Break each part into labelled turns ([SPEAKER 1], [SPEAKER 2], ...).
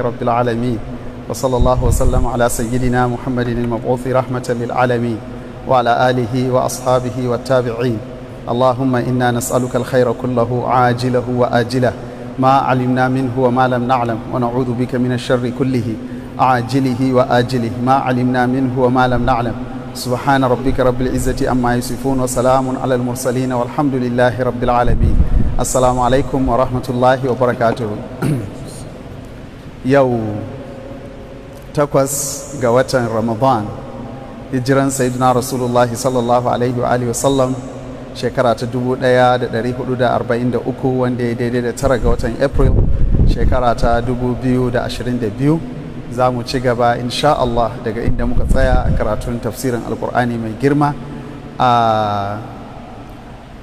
[SPEAKER 1] رب العالمين وصلى الله وسلم على سيدنا محمد المبعوث رحمة للعالمين وعلى آله وأصحابه والتابعين اللهم إنا نسألك الخير كله عاجله وآجله ما علمنا منه وما لم نعلم ونعوذ بك من الشر كله عاجله وآجله ما علمنا منه وما لم نعلم سبحان ربك رب العزة أما يصفون وسلام على المرسلين والحمد لله رب العالمين السلام عليكم ورحمة الله وبركاته yau takwas ga watan ramadan hijiran sayyidina rasulullahi sallallahu alaihi wa sallam shekara ta 1443 wanda ya daidai da tara ga watan april shekara ta 2022 za mu ci gaba insha Allah daga inda muka tsaya a karatun tafsirin alkur'ani mai girma a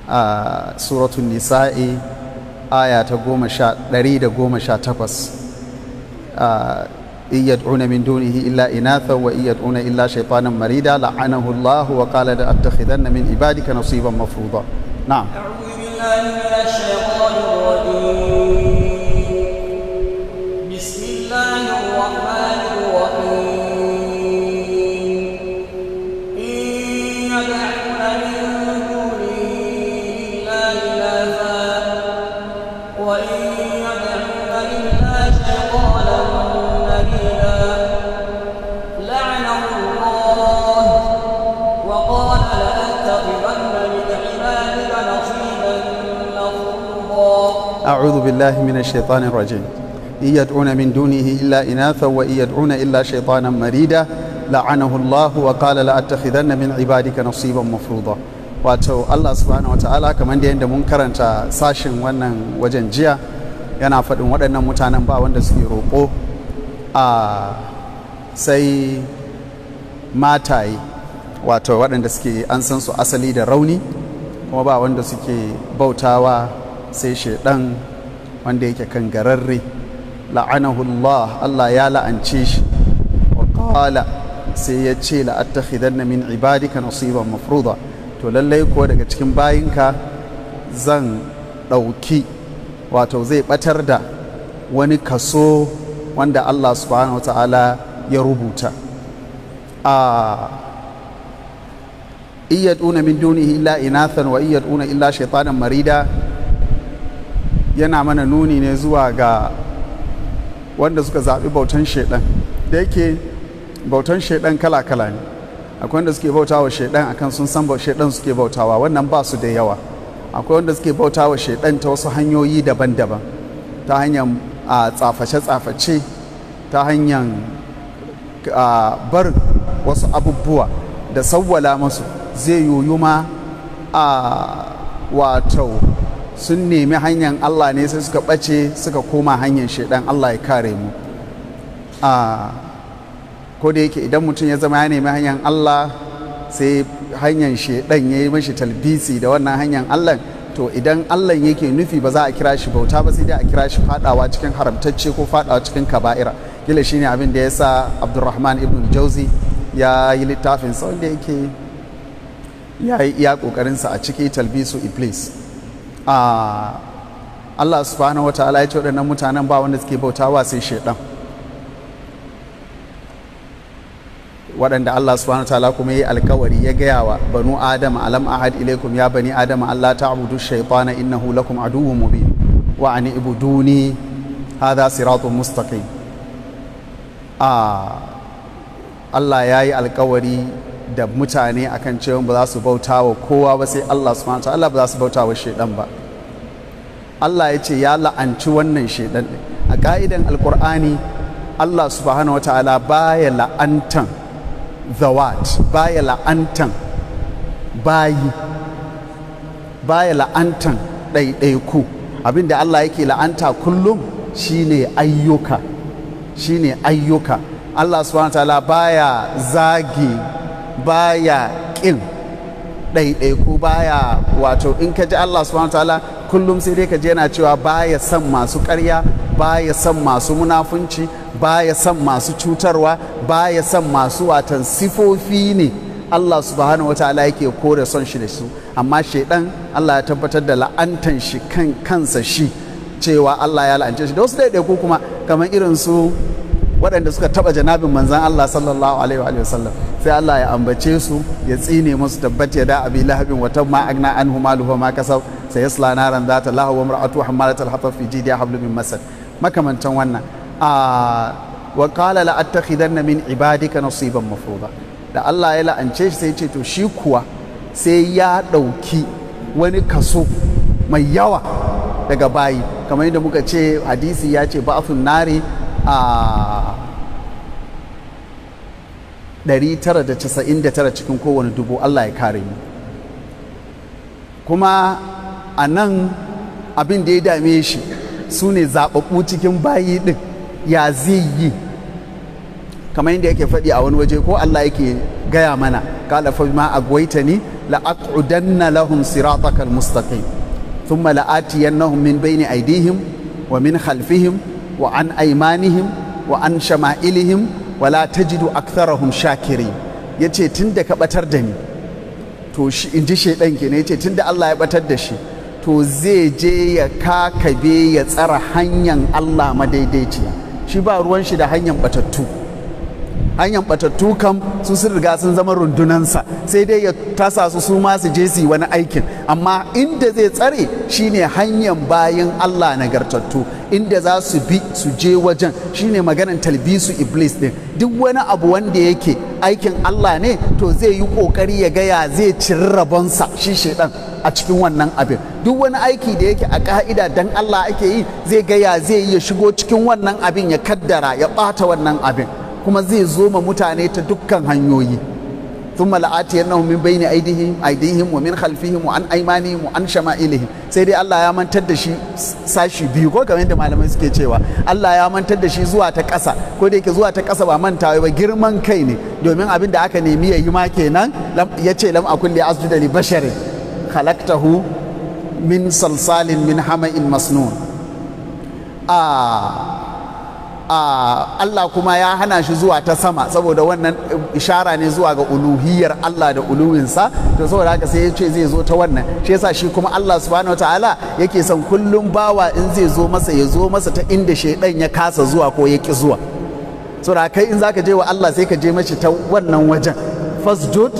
[SPEAKER 1] a suratun nisa'i aya ta 118 in yad'una min dunihi illa inatha wa in yad'una illa shaytanan marida la'anahu Allah wa qala la attakhidanna min ibadika nasiban mafruḍa na'am a'udhu billahi minash shaitanir rajim بالله من الشيطان الرجيم إن يدعون من دونه إلا إناثا وإن يدعون إلا شيطانا مريدا لعنه الله وقال لأتخذن من عبادك نصيبا مفروضا wato Allah subhanahu wata'ala kamar da yadda mun karanta sashin wannan wajen jiya yana faɗin waɗannan mutanen ba wanda suke roƙo a sai mataye wato waɗanda suke an san su asali da rauni kuma ba wanda suke bautawa sai shaidan wanda yake kan gararre la'anahu Allah Allah ya la'ance shi wa sai ya ce la'attakhidanna min ibadika nasiban mafruza to lallai ko daga cikin bayinka zan ɗauki wato zai ɓatar da wani kaso wanda Allah subhanahu ta'ala ya rubuta a iya min dunihi illa inathan wa iya illa shaitanan marida yana mana nuni ne zuwa ga wanda suka zaɓi bautan shaidan da yake bautan shaidan kala-kala ne akwai wanda suke bautawa shaidan akan sun san shaidan suke bautawa wannan ba su da yawa akwai wanda suke bautawa shaiɗan ta wasu hanyoyi daban-daban ta hanyar a tsaface-tsaface ta hanyar bar wasu abubuwa da sawwala masu zai yoyu ma a wato sun nemi hanyar Allah ne sai suka ɓace suka koma hanyar shaidan Allah ya kare mu a ko da yake idan mutum ya zama ya nemi hanyar Allah sai hanyar shaidan ya yi mashi talbisi da wannan hanyar Allah to idan Allah yake nufi ba za a kira shi bauta ba sai dai a kira shi fadawa cikin haramtacce ko fadawa cikin kaba'ira kila ne abin da ya sa Abdulrahman ibn Jauzi ya yi littafin sa wanda yake ya yi iya kokarinsa a ciki talbisu iblis a Allah subhanahu wa ta'ala ya ce waɗannan mutanen ba wanda suke bautawa sai shaidan waɗanda Allah subhanahu wa ta'ala kuma yi alkawari ya gaya wa banu adam alam ahad ilaikum ya bani adam Allah ta'budu shaytana innahu lakum aduwwun mubin wa an ibuduni hadha siratun mustaqim a Allah ya yi alkawari da mutane akan cewa ba za su bauta wa kowa ba sai Allah su mata Allah ba za su bauta wa shaidan ba Allah ya ce ya la'anci wannan shaidan a ƙa'idan alkur'ani Allah su wa ta'ala baya la'antan zawat baya la'antan bayi baya la'antan ɗaiɗaiku abinda Allah yake la'anta kullum shine ayyuka shine ayyuka Allah subhanahu ta'ala baya zagi baya ƙin ɗaiɗaiku baya wato in ka ji Allah subhanahu ta'ala kullum sai dai ka je yana cewa baya son masu ƙarya baya son masu munafunci baya son masu cutarwa baya son masu watan sifofi ne Allah subhanahu wata'ala yake kore son shi da su amma shaidan Allah ya tabbatar da la'antan shi kan kansa shi cewa Allah ya la'ance shi da wasu ɗaiɗaiku kuma kamar irin su waɗanda suka taɓa janabin manzan Allah sallallahu alaihi wa sallam sai Allah ya ambace su ya tsine musu ya da abi lahabin wata ma agna huma maluhu ma kasab sai yasla naran zata lahu wa mar'atu hamalat al-hatab fi jidiha hablum min masad makamantan wannan a wa qala la attakhidanna min ibadika nasiban mafruḍa da Allah ya la'ance shi sai ya ce to shi kuwa sai ya ɗauki wani kaso mai yawa daga bayi kamar yadda muka ce hadisi ya ce ba'athun nari a tara cikin kowane dubu Allah ya kare mu kuma a nan abin da ya dame shi su ne zaɓaɓɓu cikin bayi ɗin ya zai yi kamar yadda yake faɗi a wani waje ko Allah yake gaya mana kala fa ma agwaitani la aqudanna lahum siratakal mustaqim thumma la atiyannahum min bayni aidihim wa min khalfihim wa an aimanihim wa an shama'ilihim wa la tajidu aktharahum shakirin yace tun da ka ɓatar da ni to shi in ji shaidan yace tun da Allah ya ɓatar da shi to zai je ya kakabe ya tsara hanyar Allah madaidaiciya shi ba ruwan shi da hanyar ɓatattu Hanyar batattu kam su sun riga sun zama rundunansa sai dai ya tasa su su ma je su wani aikin amma inda zai tsare shine hanyar bayan Allah nagartattu inda za su bi su je wajen shine maganan talbisu iblis din duk wani abu wanda yake aikin Allah ne to zai yi kokari ya gaya zai ciri rabonsa shi shaidan a cikin wannan abin duk wani aiki da yake a ka'ida dan Allah ake yi zai gaya zai yi ya shigo cikin wannan abin ya kaddara ya bata wannan abin kuma zai zo ma mutane ta dukkan hanyoyi bai ne لآتينهم wa min أيديهم wa an aimani mu an shama شمائلهم sai dai Allah ya mantar da shi sashi biyu ko kamar yadda malamai suke cewa Allah ya mantar da shi zuwa ta ƙasa ko da yake zuwa ta ƙasa ba manta ba girman kai ne domin abin da aka nemi yayi ma kenan ya ce lam akun li asjuda li basharin khalaqtahu min salsalin min hama'in masnun a ah, Allah kuma ya hana shi zuwa ta sama saboda wannan ishara ne zuwa ga uluhiyar Allah da uluwinsa to saboda haka sai ya ce zai zo ta wannan shi yasa shi kuma Allah subhanahu wataala yake son kullum bawa in zai zo masa ya zo masa ta inda shaidan ya kasa zuwa ko ya ki zuwa saboda kai in zaka je wa Allah sai ka je mashi ta wannan wajen fasjud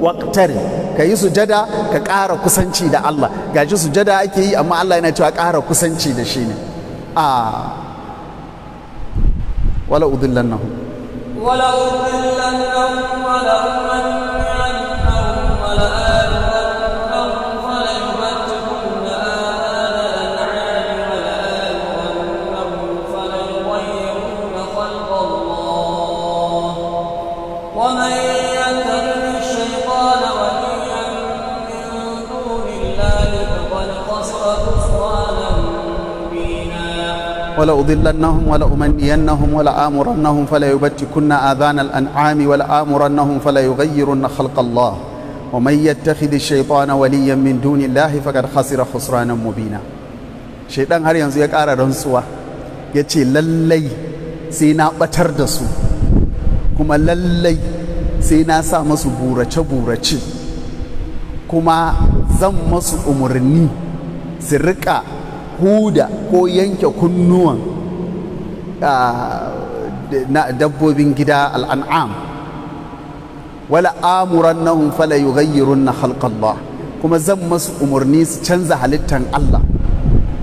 [SPEAKER 1] waqtari ka yi sujada ka ƙara kusanci da Allah gaji sujada ake yi amma Allah yana cewa ƙara kusanci da shi ne a ولا ولا أضلنهم أضلنهم ولا أمنعنهم ولأضلنهم ولأمنينهم ولآمرنهم فليبتكن آذان الأنعام ولآمرنهم فليغيرن خلق الله ومن يتخذ الشيطان وليا من دون الله فقد خسر خسرانا مبينا shaidan har yanzu ya ƙara rantsuwa ya ce lallai sai na ɓatar da su kuma lallai sai na sa masu burace-burace kuma zan masu umarni su riƙa huda ko yanke kunnuwan ah, na dabbobin gida al'an'am wala amuran nahun fala yughayyirun na halkallah kuma zan masu umarni su canza halittar Allah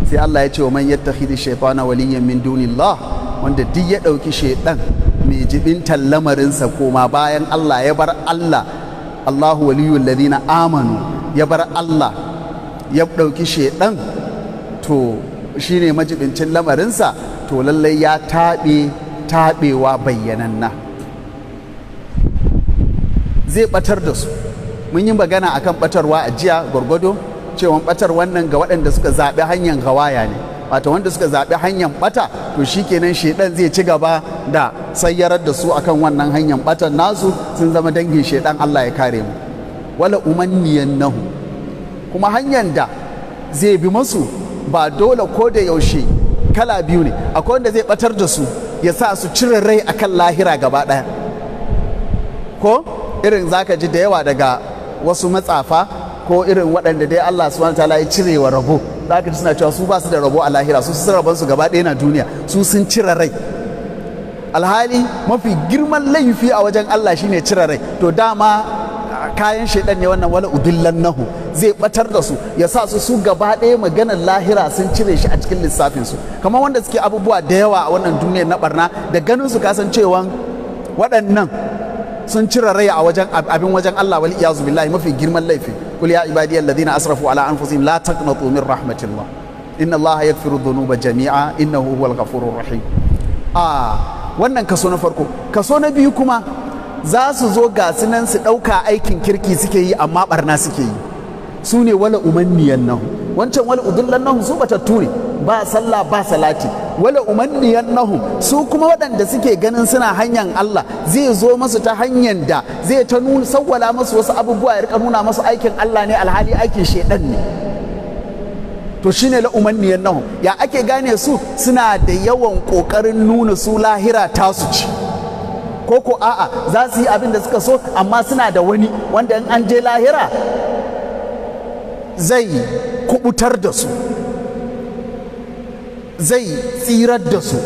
[SPEAKER 1] sai Allah ya ce wa man hidi shaytana waliyan min dunillah wanda duk ya ɗauki shaiɗan mai jibin lamarinsa koma bayan Allah ya bar Allah Allahu waliyu ladina amanu ya bar Allah ya ɗauki shaiɗan to shi ne majibincin lamarinsa to lallai ya taɓe taɓewa bayyananna zai ɓatar da su mun yi magana akan ɓatarwa a jiya gwargwado cewan ɓatar wannan ga waɗanda suka zaɓi hanyar hawaya ne wato wanda suka zaɓi hanyar ɓata to shi kenan shaiɗan zai ci gaba da sayyarar da su akan wannan hanyar ɓatan nasu sun zama dangin shaiɗan Allah ya kare mu wala umanniyan nahu kuma hanyar da zai bi masu ba dole ko da yaushe kala biyu ne akwai wanda zai batar da su ya sa su cire rai a kan lahira gaba ɗaya ko irin zaka ji da yawa daga wasu matsafa ko irin waɗanda dai Allah subhanahu ta'ala ya cire wa rabo zaka ji suna cewa su ba su da rabo a lahira su sun rabon su gaba ɗaya na duniya su sun cire rai alhali mafi girman laifi a wajen Allah shine cire rai to dama kayan shaidan ne wannan wala udillan nahu zai batar da su ya sa su su gaba ɗaya maganar lahira sun cire shi a cikin lissafin su kamar wanda suke abubuwa da yawa a wannan duniyar na barna da ganin su cewa waɗannan sun cire rai a wajen abin wajen Allah wal iyazu billahi mafi girman laifi kul ya ibadiyal ladina asrafu ala anfusihim la taqnatu min rahmatillah inna Allah yaghfiru dhunuba jami'a innahu huwal ghafurur rahim ah wannan kaso na farko kaso na biyu kuma za su zo ga su nan su ɗauka aikin kirki suke yi amma barna suke yi su ne wala umanniyan nahu wancan wala udullan nahu su bata ture ba sallah ba salati wala umanniyan nahu su kuma waɗanda suke ganin suna hanyar Allah zai zo masu ta hanyar da zai ta nuna sawwala masu wasu abubuwa ya rika nuna masu aikin Allah ne alhali aikin shedan ne to shine la umanniyan nahu ya ake gane su suna da yawan kokarin nuna su lahira tasu ci ko ko a'a za su yi abin da suka so amma suna da wani wanda in an je lahira zai kubutar da su zai tsirar da su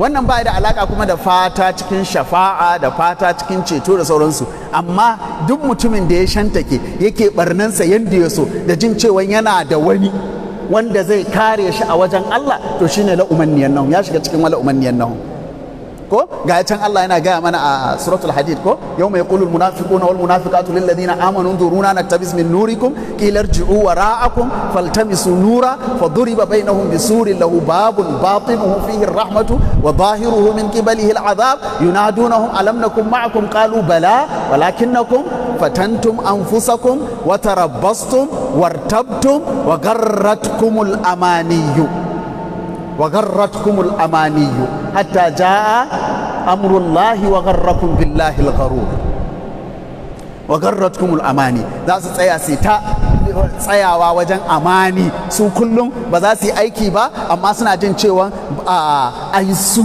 [SPEAKER 1] wannan ba da alaka kuma da fata cikin shafa'a da fata cikin ceto da sauransu amma duk mutumin da ya shantake yake barnansa yadda ya so da jin cewa yana da wani wanda zai kare shi a wajen Allah to shine la'umanniyan nahum ya shiga cikin la'umanniyan nahum ko ga can Allah yana gaya mana a suratul hadid ko yawma yaqulu almunafiquna wal munafiqatu lil ladina amanu unduruna naktabis min nurikum qila irji'u wara'akum faltamisu nura fadhuriba bainahum bisurin lahu babun batinuhu fihi arrahmatu wa zahiruhu min qibalihi al'adhab yunadunahum alam nakum ma'akum qalu bala walakinnakum فتنتم أنفسكم وتربصتم وارتبتم وغرتكم الأماني وغرتكم الأماني hatta jaa amrullahi wa gharrakum billahi al-gharur wa gharratkum al-amani za su tsaya sai ta tsayawa wajen amani su kullum ba za su yi aiki ba amma suna jin cewa ai su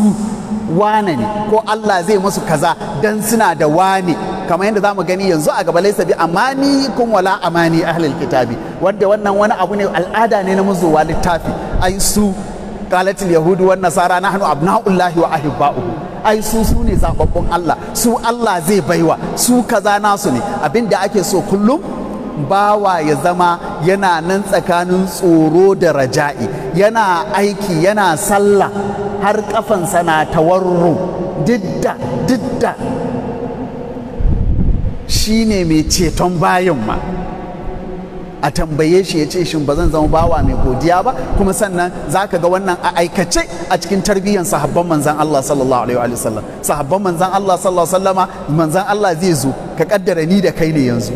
[SPEAKER 1] wane ne ko Allah zai musu kaza dan suna da wane kamar yadda za mu gani yanzu a gaba laisa bi amani kun wala amani ahlul kitabi wanda wannan wani abu ne al'ada ne na mazuwa littafi ai su qalat al nasara na nasara nahnu abna'ullahi wa ahibba'uhu ai su su ne zababbun Allah su Allah zai baiwa su kaza nasu ne abin da ake so kullum bawa ya zama yana nan tsakanin tsoro da raja'i yana aiki yana sallah har ƙafansa na tawarru didda didda shi ne mai ceton bayan ma a tambaye shi ya ce shin ba zan zama bawa mai godiya ba kuma sannan za ka ga wannan a aikace a cikin tarbiyyar sahabban manzan Allah sallallahu alaihi wa sallam sahabban manzan Allah sallallahu alaihi wa sallama manzan Allah zai zo ka kaddara ni da kai ne yanzu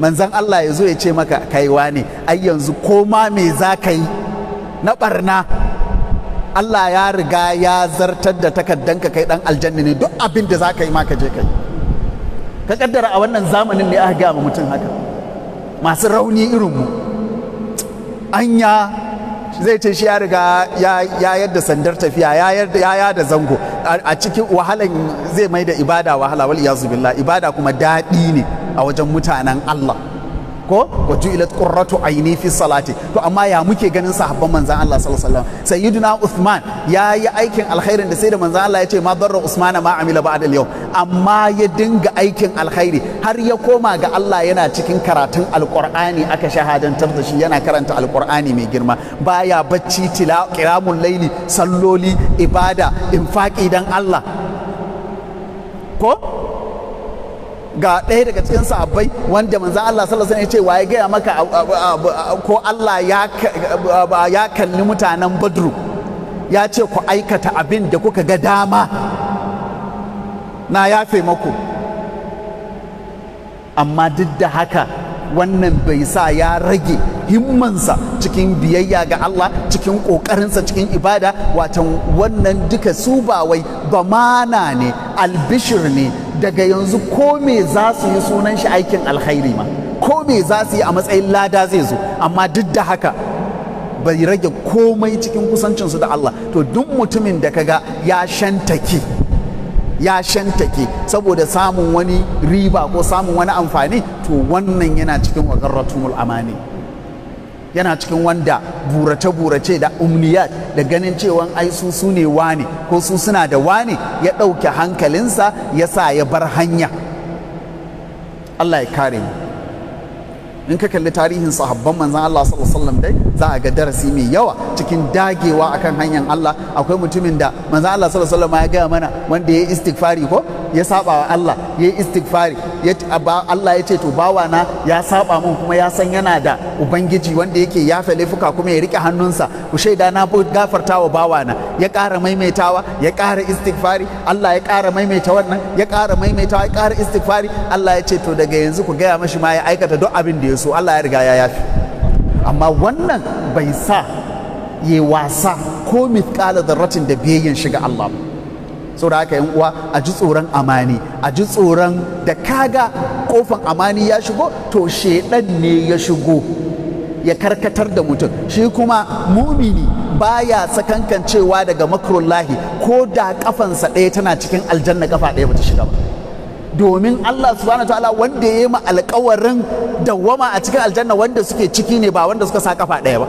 [SPEAKER 1] manzan Allah ya zo ya ce maka kaiwa ne ai yanzu ko ma me za ka yi na barna Allah ya riga ya zartar da takaddanka kai dan aljanna ne duk abin da za ka yi ma ka je ka yi ka kaddara a wannan zamanin ne aka gaya ma mutum haka masu rauni irinmu anya zai ce shi ya riga ya yadda sandar tafiya ya yada zango a cikin wahalan zai mai da ibada wahala wal iyazu billah ibada kuma daɗi ne a wajen mutanen Allah ko wa ju'ilat qurratu aini fi salati to amma ya muke ganin sahabban manzon Allah sallallahu alaihi wasallam sayyidina Usman ya yi aikin alkhairin da sai da manzon Allah ya ce ma darra Usman ma amila ba'da al-yawm amma ya dinga aikin alkhairi har ya koma ga Allah yana cikin karatun alqur'ani aka shahadantar da shi yana karanta alqur'ani mai girma baya bacci tila qiyamul laili salloli ibada infaqi dan Allah ko ga ɗaya daga cikin sahabbai wanda manzan Allah sallallahu alaihi wasallam ya ce waye gaya maka ko Allah ya kalli mutanen Badru ya ce ku aikata abin da kuka ga dama na yafe maku amma duk da haka wannan bai sa ya rage himmansa cikin biyayya ga Allah cikin ƙoƙarinsa cikin ibada watan wannan duka su ba wai bamana ne albishir ne daga yanzu ko me za su yi sunan shi aikin alkhairi ma ko me za su yi a matsayin lada zai zo amma duk da haka bai rage komai cikin kusancinsu da Allah to duk mutumin da kaga ya shantake ya shantake saboda samun wani riba ko samun wani amfani to wannan yana cikin wagarratumul amani yana cikin wanda burace-burace da umniyat da ganin cewa ai su su ne wani ko su suna da wani ya ɗauke hankalinsa ya sa ya bar hanya Allah ya kare mu in ka kalli tarihin sahabban manzan Allah sallallahu alaihi wasallam dai za a ga darasi mai yawa cikin dagewa akan hanyar Allah akwai mutumin da manzo Allah sallallahu alaihi wasallam ya gaya mana wanda ya istighfari ko ya saba wa Allah ya yi Allah ya ce to bawana ya saba mun kuma ya san yana da ubangiji wanda yake yafe laifuka kuma ya rike hannunsa ku shaida na gafarta wa bawana ya ƙara maimaitawa ya ƙara istighfari Allah ya ƙara maimaita wannan ya ƙara maimaitawa ya ƙara istighfari Allah ya ce to daga yanzu ku gaya mashi ma ya aikata duk abin da ya so Allah ya riga ya yafi amma wannan bai sa ya wasa ko mithqala dharratin da biyayyan shiga Allah da haka yan uwa a ji tsoron amani a ji tsoron da kaga kofan amani ya shigo to shedan ne ya shigo ya karkatar da mutum shi kuma mumini baya sakankancewa daga makrullahi ko da kafansa ɗaya tana cikin aljanna kafa ɗaya bata shiga ba domin Allah subhanahu ta'ala wanda ya yi ma alƙawarin dawwama a cikin aljanna wanda suke ciki ne ba wanda suka sa kafa ɗaya ba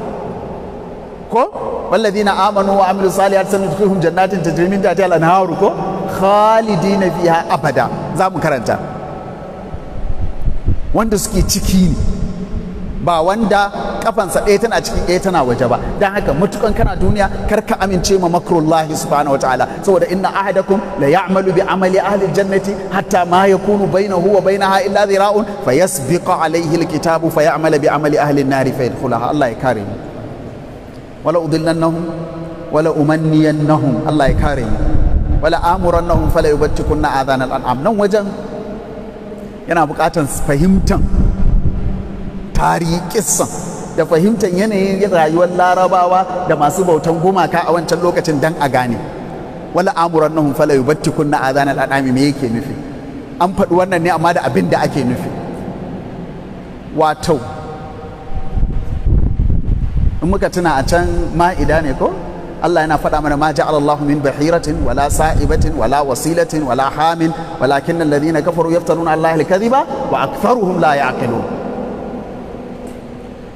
[SPEAKER 1] ko walladhina amanu wa amilu salihati sanudkhiluhum jannatin tajri min tahtiha al-anharu ko khalidina fiha abada za mu karanta wanda suke ciki ne ba wanda kafansa ɗaya tana ciki ɗaya tana waje ba dan haka matukan kana duniya kar ka amince ma makrullahi subhanahu wataala saboda inna ahadakum la ya'malu bi amali ahli jannati hatta ma yakunu bainahu wa bainaha illa dhira'un fayasbiqu alayhi alkitabu fayamala bi amali ahli an-nari fayadkhulaha Allah ya kare mu wala udillannahum wala umanniyannahum Allah ya kare mu wala amurannahum fala yubtikunna adhan al'am nan wajen yana bukatan fahimtan tarihi kisan da fahimtar yanayin rayuwar larabawa da masu bautan gumaka a wancan lokacin dan a gane wala amurannahum fala yubtikunna adhan al'am me yake nufi an faɗi wannan ne amma da abin da ake nufi wato in muka tuna a can ma'ida ne ko Allah yana faɗa mana ma ja'ala Allahu min bahiratin wala sa'ibatin wala wasilatin wala hamin walakin alladhina kafaru yaftaruna Allah al-kadhiba wa aktharuhum la ya'qilun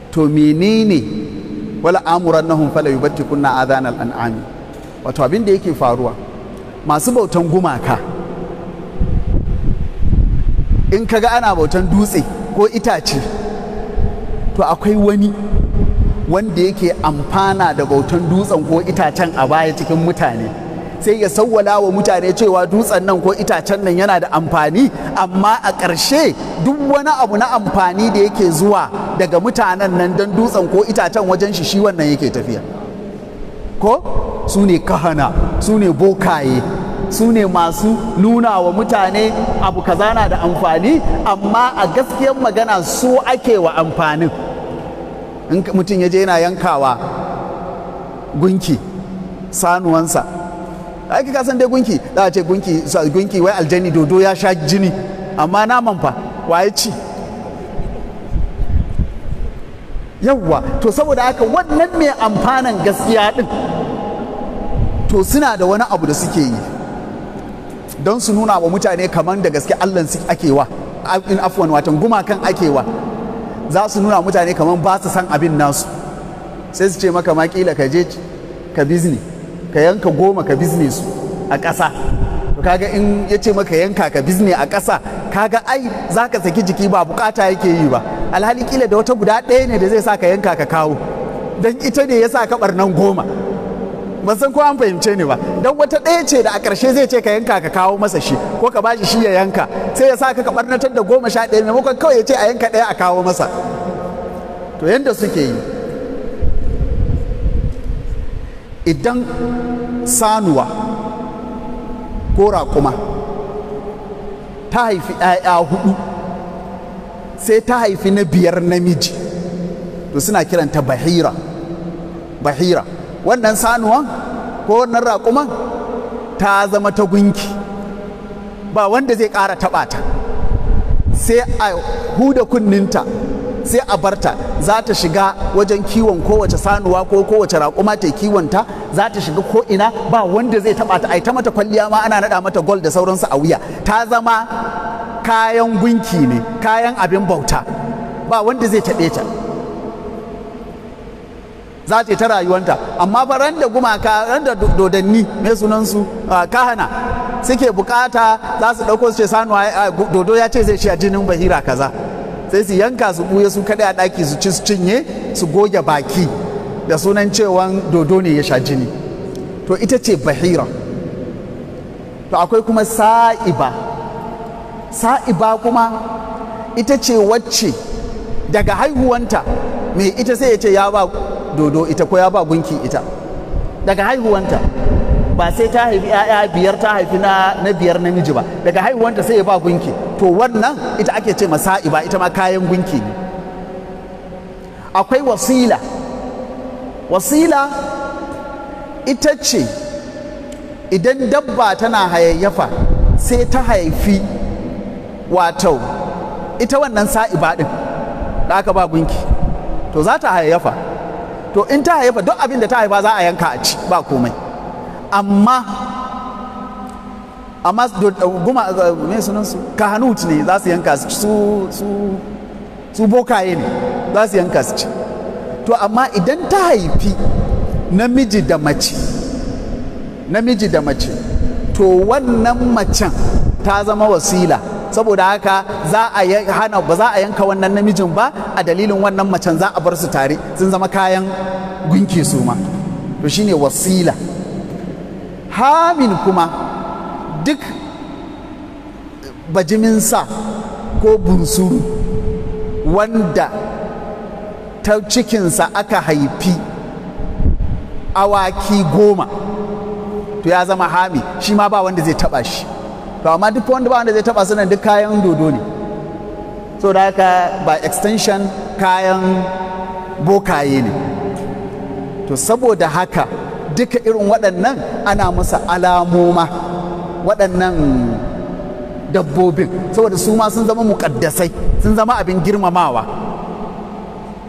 [SPEAKER 1] to menene wala amurannahum fala kunna adhan al-an'ami wato abin da yake faruwa masu bautan gumaka in kaga ana bautan dutse ko itace to akwai wani wanda yake amfana da bautan dutsen ko itacen a baya cikin mutane sai ya sauwala wa mutane cewa dutsen nan ko itacen nan yana da amfani amma a ƙarshe duk wani abu na amfani da yake zuwa daga mutanen nan don dutsen ko itacen wajen shi shi wannan yake tafiya ko su ne kahana su ne bokaye su ne masu nuna wa mutane abu kaza na da amfani amma a gaskiyar magana su ake wa amfanin in mutum ya je yana yankawa gunki sanuwansa ai ka san dai gunki za a ce gunki gunki wai aljani dodo ya sha jini amma naman fa waye ci yawwa to saboda haka wannan mai amfanan gaskiya din to suna da wani abu da suke yi don su nuna wa mutane kamar da gaske allah ake wa in afwan watan gumakan ake wa za su nuna mutane kamar ba su san abin nasu sai su ce maka ma kila ka je ka bizni ka yanka goma ka bizni su a ƙasa kaga in ya ce maka yanka ka bizni a ƙasa kaga ai za ka saki jiki ba bukata yake yi ba alhali kila da wata guda ɗaya ne da zai sa ka yanka ka kawo don ita ne ya sa ka ɓarnan goma ban san ko an fahimce ni ba dan wata ɗaya ce da a ƙarshe zai ce ka yanka ka kawo masa shi ko ka bashi shi ya yanka sai ya sa ka barnatar da goma sha ɗaya maimakon kawai ya ce a yanka ɗaya a kawo masa to yanda suke yi idan sanuwa ko kuma ta haifi ‘ya'ya hudu sai ta haifi na biyar namiji to suna kiranta bahira bahira wannan sanuwan ko wannan raƙuman ta zama ta gunki ba wanda zai ƙara taɓa ta sai a huda kunninta sai a barta za ta shiga wajen kiwon kowace sanuwa ko kowace raƙuma ta kiwonta za ta shiga koina ba wanda zai taɓa ta ai ta mata kwalliya ma ana naɗa mata gol da sauransu a wuya ta zama kayan gunki ne kayan abin bauta ba wanda zai taɓe ta za ta ta rayuwanta amma fa ran da gumaka ran da dodanni mai sunansu ah, kahana suke bukata za su ɗauko su ce sanuwa dodo ya ce zai shi a jinin bahira kaza sai su yanka su buye su kaɗai a ɗaki su ci su cinye su goge baki da sunan cewan dodo ne ya sha jini to ita ce bahira to akwai kuma sa'iba sa'iba kuma ita ce wacce daga haihuwanta mai ita sai ya ce ya ba dodo ita ko ya ba gunki ita daga haihuwanta ba sai ta haifi ‘ya'ya biyar ta haifi na, biyar namiji ba daga haihuwanta sai ya ba gunki to wannan ita ake ce masa ba ita ma kayan gunki ne akwai wasila wasila ita ce idan dabba tana hayayyafa sai ta haifi wato ita wannan sa'iba ɗin da aka ba gunki to za ta hayayyafa to in ta haifa duk abin da ta haifa za a yanka a ci ba komai amma amma guma me sunan su kahanut ne za su yanka su su su bokaye ne za su yanka su ci to amma idan ta haifi namiji da mace namiji da mace to wannan macen ta zama wasila saboda haka za a hana ba za a yanka wannan namijin ba a dalilin wannan macen za a bar su tare sun zama kayan gunki su ma to shine wasila hamin kuma duk bajimin sa ko bunsuru wanda ta cikinsa aka haifi awaki goma to ya zama hami shi ma ba wanda zai taba shi to amma duk wanda ba wanda zai taba sanin duk kayan dodo ne so da haka ba extension kayan bokaye ne to saboda haka duka irin waɗannan ana masa alamoma waɗannan dabbobin saboda su ma sun zama muƙaddasai sun zama abin girmamawa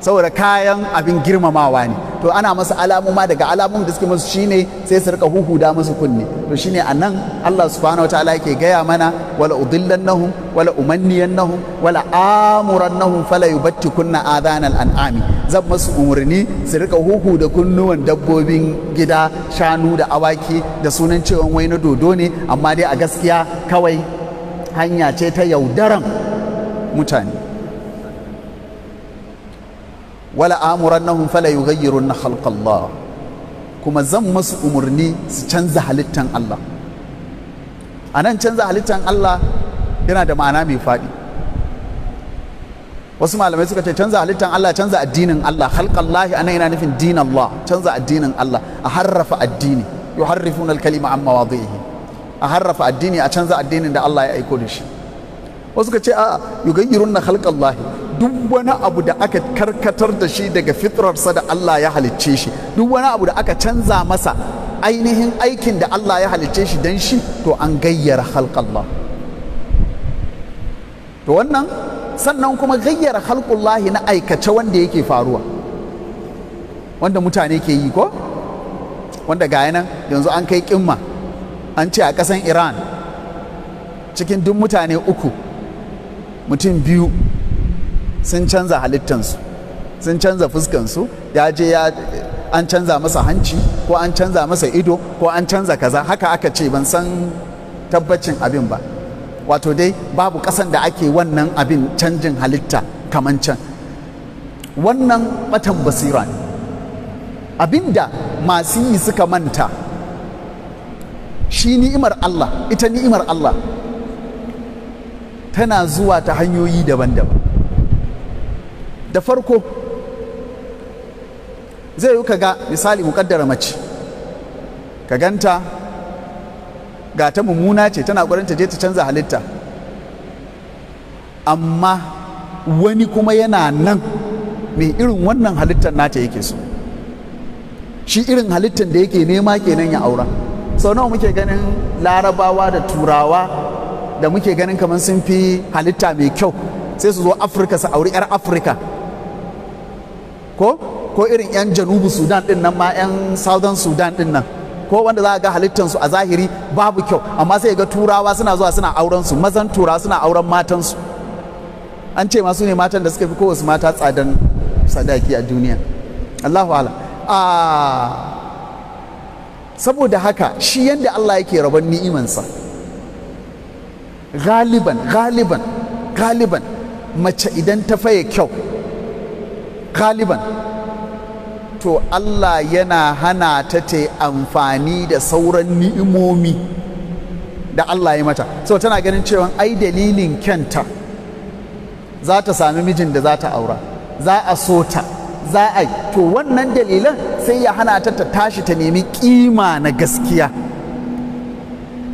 [SPEAKER 1] saboda kayan abin girmamawa ne to ana masu alamuma daga alamun da suke masu shine sai su rika huhuda masu kunne to shine a nan Allah subhanahu wataala yake gaya mana wala udillannahum wala umanniyannahum wala amurannahum fala kunna adhanal an'ami zan masu umurni su rika huhu da kunnuwan dabbobin gida shanu da awaki da sunan cewa wai na dodo ne amma dai a gaskiya kawai hanya ce ta yaudaran mutane wala amurannahum fala yughayyirunna khalqallah kuma zan masu umarni su canza halittan Allah a nan canza halittan Allah yana da ma'ana mai faɗi wasu malamai suka ce canza halittan Allah canza addinin Allah khalqallahi anan yana nufin din Allah canza addinin Allah a harrafa addini yuharrifuna al-kalima amma wadhihi a harrafa addini a canza addinin da Allah ya aiko da shi wasu ka ce a yugayyirunna khalqallahi duk wani abu da aka karkatar da shi daga fitrarsa da Allah ya halicce shi duk wani abu da aka canza masa ainihin aikin da Allah ya halicce shi don shi to an gayyara halƙallah to wannan sannan kuma gayyara halƙullahi na aikace wanda yake faruwa wanda mutane ke yi ko wanda ga nan yanzu an kai kimma an ce a ƙasan iran cikin duk mutane uku mutum biyu sun canza halittansu sun canza fuskansu ya je ya an canza masa hanci ko an canza masa ido ko an canza kaza haka aka ce ban san tabbacin abin ba wato dai babu ƙasan da ake wannan abin canjin halitta kaman can wannan batan basira ne abinda masu yi suka manta shi ni'imar Allah ita ni'imar Allah tana zuwa ta hanyoyi daban-daban da farko zai yi ga misali mukaddara mace ka ganta ga ta mummuna ce tana ta je ta canza halitta amma wani kuma yana nan mai irin wannan halittar nata yake so shi irin halittar da yake nema kenan ya aura sau nawa muke ganin larabawa da turawa da muke ganin kamar sun fi halitta mai kyau sai su zo afirka su auri 'yar afirka ko ko irin yan janubu sudan din nan ma yan southern sudan din nan ko wanda za a ga su a zahiri babu kyau amma sai ga turawa suna zuwa suna auren su mazan turawa suna auren matansu an ce masu ne matan da suka fi kowace mata tsadan sadaki a duniya Allahu ala ah, saboda haka shi yadda Allah yake rabon ni'imansa galiban galiban galiban mace idan ta faye kyau galiban to Allah yana hana ta ta amfani da sauran ni'imomi da Allah ya mata so tana ganin cewa ai dalilin kyanta za ta sami mijin da za ta aura za a so ta za a yi to wannan dalilan sai ya hana ta ta tashi ta nemi kima na gaskiya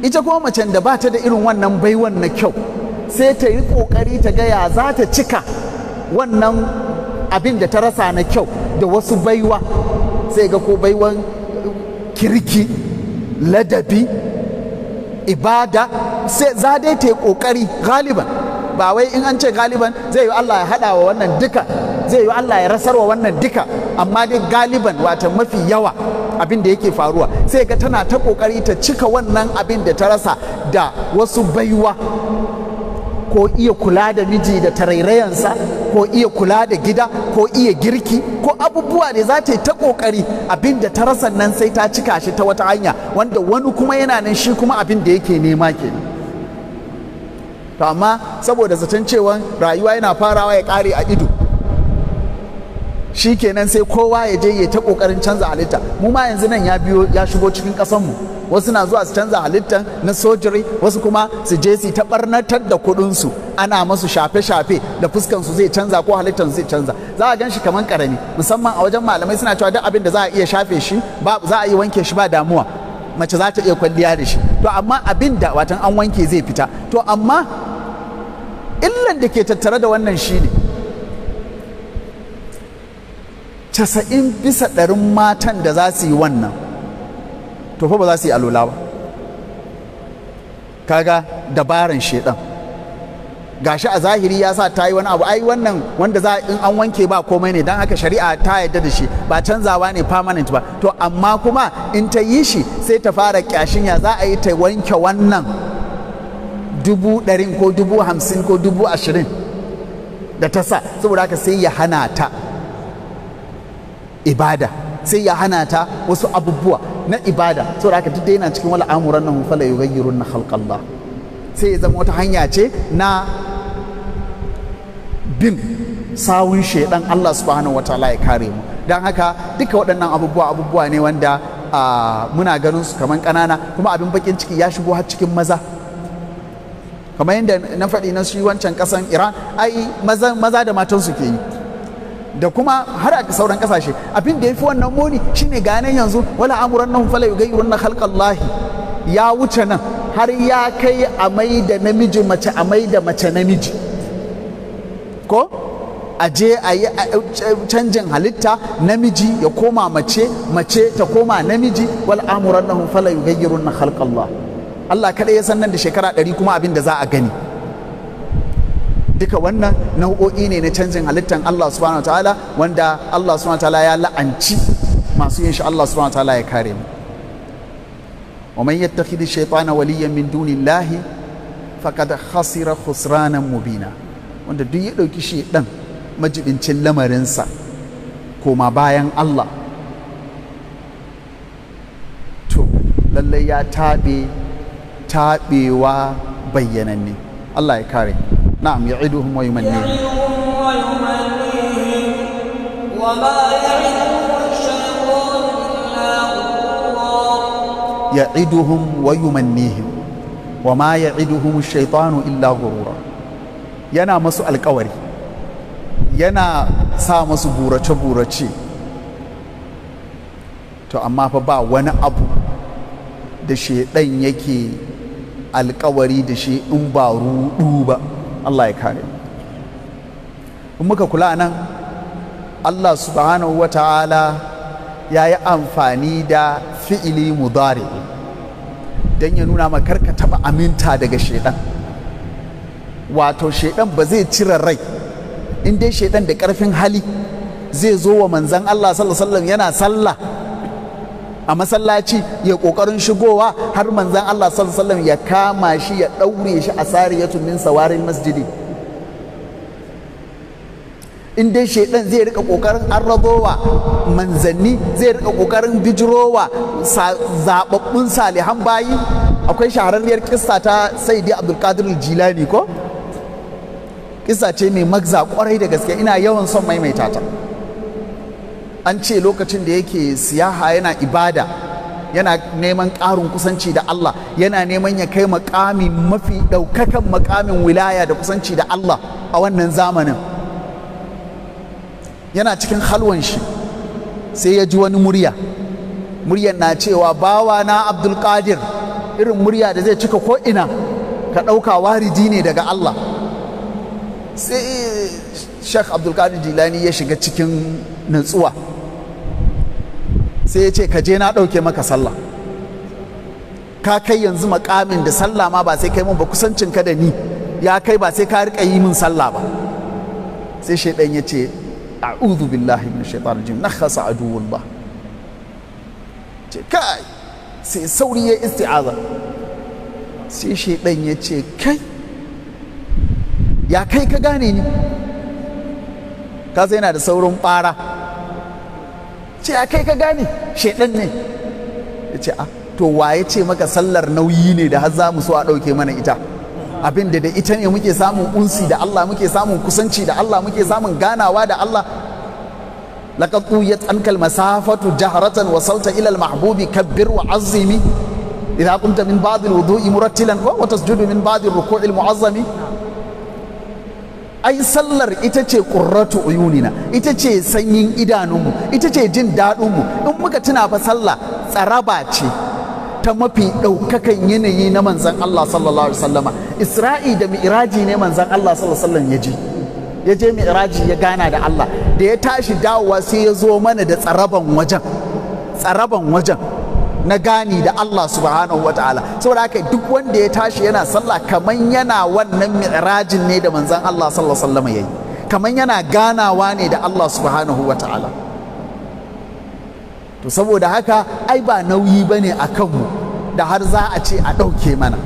[SPEAKER 1] ita kuma macen da ba ta da irin wannan baiwan na kyau sai ta yi kokari ta gaya za ta cika wannan abin da ta rasa na kyau da wasu baiwa sai ga ko baiwan kirki ladabi ibada sai za dai ta yi ƙoƙari galiban ba wai in an ce galiban zai yi Allah ya hada wa wannan duka zai yi Allah ya rasar wa wannan duka amma dai galiban wata mafi yawa abin da yake faruwa sai ga tana ta ƙoƙari ta cika wannan abin da ta rasa da wasu baiwa ko iya kula da miji da tarairayansa ko iya kula da gida ko iya girki ko abubuwa ne za ta yi ta kokari abin da ta rasa nan sai ta cika shi ta wata hanya wanda wani kuma yana nan shi kuma abin da yake nema ke to amma saboda zaton cewa rayuwa yana farawa ya kare a ido shi kenan sai kowa ya je ya ta kokarin canza halitta mu ma yanzu nan ya biyo ya shigo cikin mu wasu na zuwa su canza halitta na sojiri wasu kuma su je su ta barnatar da kuɗinsu ana masu shafe-shafe da fuskansu zai canza ko halittar zai canza za a gan shi kamar karami musamman a wajen malamai suna cewa duk abin da za a iya shafe shi ba za a yi wanke shi ba damuwa mace za ta iya kwalliya da shi to amma abin da watan an wanke zai fita to amma illan da ke tattare da wannan shi ne. casa'in bisa ɗarin matan da za su yi wannan to fa ba za su yi alola ba kaga dabaran Ga gashi a zahiri ya sa ta yi wani abu ai wannan wanda za in an wanke ba komai ne don haka shari'a ta yadda da shi ba canzawa ne permanent ba to amma kuma in ta yi shi sai ta fara kyashin ya za a yi ta wanke wannan dubu ɗarin ko dubu hamsin ko dubu ashirin da ta sa saboda haka sai ya hana ta ibada sai ya hana ta wasu abubuwa na ibada saboda haka duk da yana cikin wala amuran nan fala yughayyirun na khalqallah sai ya zama wata hanya ce na bin sawun shaidan Allah subhanahu wataala ya kare mu dan haka duka waɗannan abubuwa abubuwa ne wanda muna ganin su kaman ƙanana kuma abin bakin ciki ya shigo har cikin maza kamar yadda na faɗi na shi wancan ƙasan Iran ai maza da matansu ke yi da kuma har a sauran kasashe abin da ya fi wannan muni shine ganin yanzu wala amuran nan fala yugayirun na khalqallahi ya wuce nan har ya kai a mai da namiji mace a mai da mace namiji ko a je a yi canjin halitta namiji ya koma mace mace ta koma namiji wal amuran nan fala yugayirun na khalqallah Allah kaɗai ya san nan da shekara ɗari kuma abin da za a gani duka wannan nau'o'i ne na canjin halittar Allah subhanahu wa ta'ala wanda Allah subhanahu wa ta'ala ya la'anci masu yin shi Allah subhanahu wa ta'ala ya kare mu wa man yattakhidhi shaytana waliyan min dunillahi faqad khasira khusranan mubina wanda duk ya dauki shedan majibincin lamarinsa koma bayan Allah to lallai ya taɓe taɓewa bayyananne Allah ya kare نعم يعدهم ويمنيهم وما يعدهم الشيطان إلا غرورا ويمنيهم وما يعدهم الشيطان إلا غرورا ينا مسو القوري ينا سامس بورتش بورتش to تو أما فبا وانا أبو دشي shaidan yake alkawari da shi in ba Allah ya kare in muka kula nan Allah subhanahu wa ta'ala ya yi amfani da fi'ili mudari don ya nuna makar ka taba aminta daga shaidan wato shaidan ba zai cire rai in dai shaidan da karfin hali zai zo wa manzan Allah sallallahu alaihi yana sallah a masallaci ya kokarin shigowa har manzan Allah sallallahu ya kama shi ya ɗaure shi a sariyatun min sawarin masjidi in dai shaidan zai rika kokarin arrabowa manzanni zai rika kokarin bijirowa zababbun salihan bayi akwai shahararriyar kissa ta saidi abdulkadir jilani ko kissa ce mai magza kwarai da gaske ina yawan son maimaita ta an ce lokacin da yake siyaha yana ibada yana neman ƙarin kusanci da Allah yana neman ya kai makami mafi ɗaukakan makamin wilaya da kusanci da Allah a wannan zamanin yana cikin halwan shi sai ya ji wani murya muryar na cewa bawa na abdul irin murya da zai cika ko'ina ka ɗauka wariji ne daga Allah sai sheikh abdul jilani ya shiga cikin natsuwa sai ya ce ka je na ɗauke maka sallah ka kai yanzu makamin da sallah ma ba sai kai mun ba kusancin ka da ni ya kai ba sai ka riƙa yi min sallah ba sai shaidan ya ce a'udhu billahi min shaitan rajim na khasa ba ce kai sai sauri ya isti'aza sai shaidan ya ce kai ya kai ka gane ni ka yana da saurin fara ce ya kai ka gane shaidan ne ah, ya ce a to waye ce maka sallar nauyi ne da har za mu so a ɗauke mana ita abin da da ita ne muke samun unsi da Allah muke samun kusanci da Allah muke samun ganawa da Allah laqad tuyat tsankal masafatu jahratan wa sauta ila al mahbubi kabbir wa azimi idha qumta min ba'd al wudu'i murattilan wa tasjudu min ba'd al ruku'i al mu'azzami ai sallar ita ce ƙurratu uyunina ita ce sanyin idanunmu ita ce jin daɗinmu in muka tuna fa sallah tsaraba ce ta mafi ɗaukakan yanayi na manzan Allah sallallahu alaihi wasallama Isra'i da mi'raji ne manzan Allah sallallahu alaihi wasallam ya je ya ya gana da Allah da ya tashi dawowa sai ya zo mana da tsaraban tsaraban wajen na gani da Allah subhanahu wataala saboda haka duk wanda ya tashi yana sallah kaman yana wannan mi'rajin ne da manzon Allah sallallahu alaihi wasallam yayi kaman yana ganawa ne da Allah subhanahu wataala to saboda haka ai ba nauyi bane akan mu da har za a ce a ɗauke mana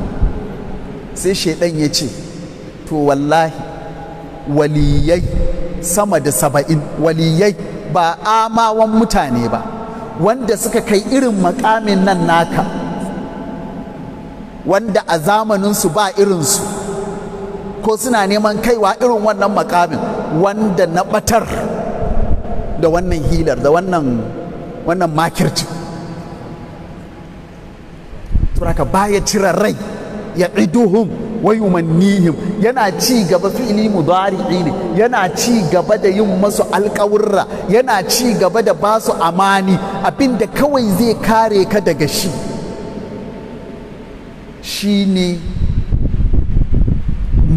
[SPEAKER 1] sai shaidan ya ce to wallahi waliyai sama da saba'in waliyai ba amawan mutane ba wanda suka kai irin makamin nan naka wanda a zamaninsu ba irinsu ko suna neman kaiwa irin wannan makamin wanda na batar da wannan hilar da wannan wannan makircin turaka baya cire rai ya duhun. wa yana ci gaba fi'li mudari'i ne yana ci gaba da yin masu alƙawurra yana ci gaba da ba su amani abinda kawai zai kare ka daga shi shine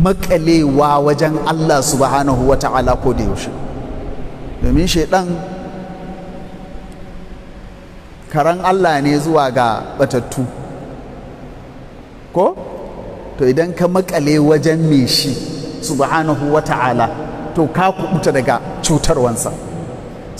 [SPEAKER 1] makalewa wajen Allah subhanahu wa ta'ala ko da yaushe domin shaidan karan Allah ne zuwa ga batattu ko to idan ka makale wajen mai shi subhanahu wa ta'ala to ka kubuta daga cutarwansa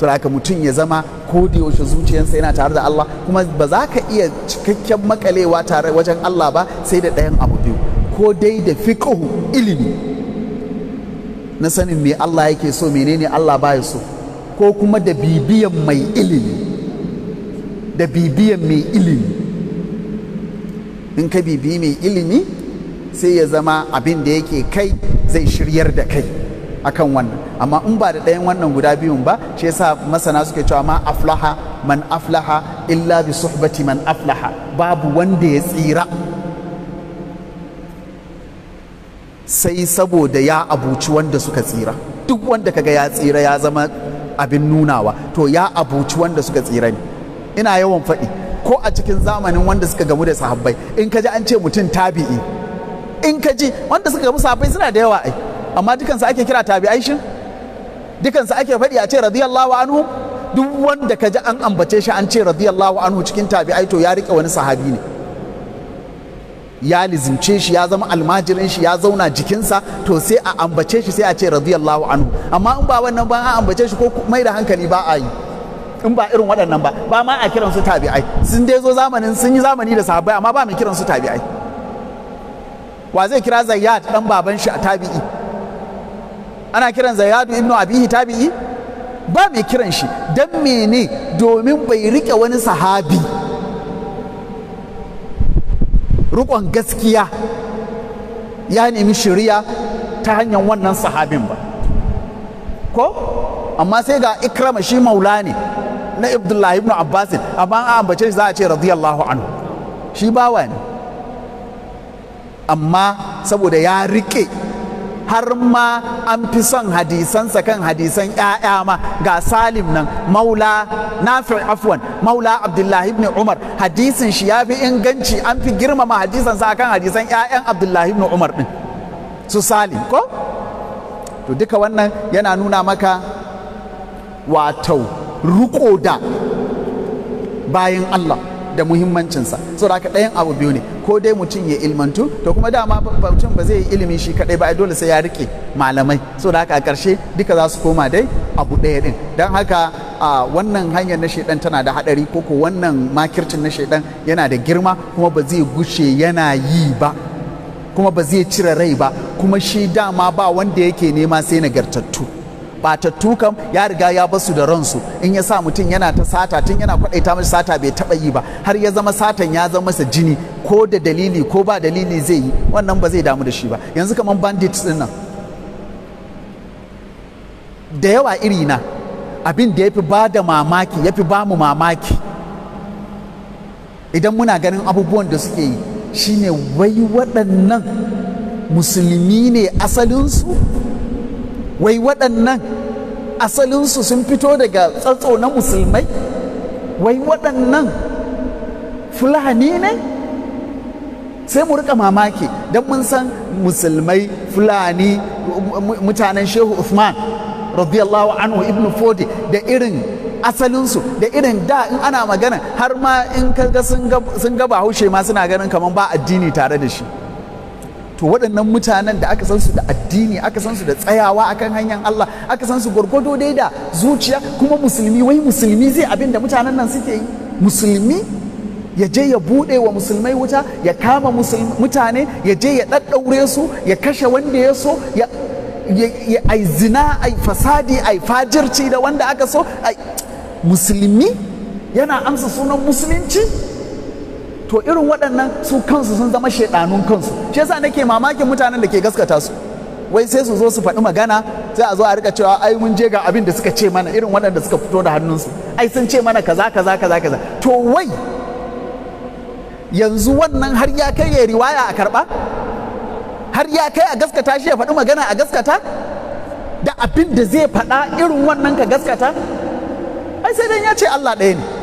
[SPEAKER 1] da aka mutum ya zama ko da yaushe zuciyarsa yana tare da Allah kuma ba za ka iya cikakken makalewa tare wajen Allah ba sai da ɗayan abu biyu ko dai da fiƙahu ilimi na sanin me Allah yake so menene Allah baya so ko kuma da bibiyan mai ilimi da bibiyan mai ilimi in ka bibi mai ilimi sai ya zama abin da yake kai zai shiryar da kai akan wannan amma in ba da ɗayan wannan guda biyun ba shi yasa masana suke cewa ma aflaha man aflaha illa bi suhbati man aflaha babu wanda ya tsira sai saboda ya abuci wanda suka tsira duk wanda kaga ya tsira ya zama abin nunawa to ya abuci wanda suka tsira ne ina yawan faɗi ko a cikin zamanin wanda suka gamu da sahabbai in ka ji an ce mutum tabi'i in ka ji wanda suka gamu safai suna da yawa ai amma dukansu ake kira tabi'ai shin dukansu ake faɗi a ce radiyallahu anhu duk wanda ka ji an ambace shi an ce radiyallahu anhu cikin tabi'ai to ya rike wani sahabi ne ya lizince shi ya zama almajirin shi ya zauna jikinsa to sai a ambace shi sai a ce radiyallahu anhu amma in ba wannan ba a ambace shi ko mai da hankali ba a yi in ba irin waɗannan ba ba ma a kiransu tabi'ai sun dai zo zamanin sun yi zamani da sahabbai amma ba mai kiransu tabi'ai wa zai kira zayyad dan baban shi a tabi'i ana kiran zayyadu ibnu abihi tabi'i ba mai kiran shi dan mene domin bai rike wani sahabi rukon gaskiya ya nemi shiriya ta hanyar wannan sahabin ba ko amma sai ga ikrama shi maula ne na abdullahi ibn abbasin amma an ambace shi za a ce radiyallahu anhu shi bawa ne amma saboda ya riƙe har ma an fi son hadisansa kan hadisan ‘ya'ya ma ga salim nan maula nafi afwan maula abdullahi ibn umar hadisin shi ya fi inganci an fi girmama hadisansa akan hadisan ‘ya'yan abdullahi ibn umar ɗin su salim ko to duka wannan yana nuna maka wato ruko da bayan allah da muhimmancinsa da haka ɗayan abu biyu ne ko dai mutum ya ilmantu to kuma dama mutum ba zai yi ilimi shi kaɗai ba dole sai ya rike malamai da haka a ƙarshe duka za su koma dai abu ɗaya din. don haka a wannan hanyar na shaidan tana da haɗari ko ko wannan makircin na shaidan yana da girma kuma ba zai gushe yana yi ba kuma ba zai cire rai ba kuma shi dama ba wanda yake nema sai nagartattu batattu kam ya riga ya basu da ransu in ya sa mutum yana ta sata tun yana kwadaita masa sata bai taɓa yi ba har ya zama satan ya zama masa jini ko da dalili ko ba dalili zai yi wannan ba zai damu da shi ba yanzu kamar bandit din nan da yawa iri na abin da ya fi ba da mamaki ya fi ba mu mamaki idan muna ganin abubuwan da suke yi shine wai waɗannan musulmi ne asalinsu wai waɗannan asalinsu sun fito daga tsatso na musulmai wai waɗannan fulani ne sai mu rika mamaki don mun san musulmai fulani mutanen shehu usman radiyallahu anhu ibn fodi da irin asalinsu da irin da in ana magana har ma in ga sun ga bahaushe ma suna ganin kamar ba addini tare da shi to waɗannan mutanen da aka san su da addini aka san su da tsayawa akan hanyar Allah aka san su gwargwado dai da zuciya kuma musulmi wai musulmi zai abin da mutanen nan suke yi musulmi ya je ya buɗe wa musulmai wuta ya kama mutane ya je ya ɗaɗɗaure su ya kashe wanda ya so ya ai zina ai fasadi ai fajirci da wanda aka so ai musulmi yana amsa sunan musulunci to irin waɗannan su kansu sun zama shaidanun kansu shi yasa nake mamakin mutanen da ke gaskata su wai sai su zo su faɗi magana sai a zo a rika cewa ai mun je ga abin da suka ce mana irin waɗanda suka fito da hannunsu ai sun ce mana kaza kaza kaza kaza to wai yanzu wannan har ya kai ya riwaya a karɓa har ya kai a gaskata shi ya faɗi magana a gaskata da abin da zai faɗa irin wannan ka gaskata ai sai dan ya ce Allah ɗaya ne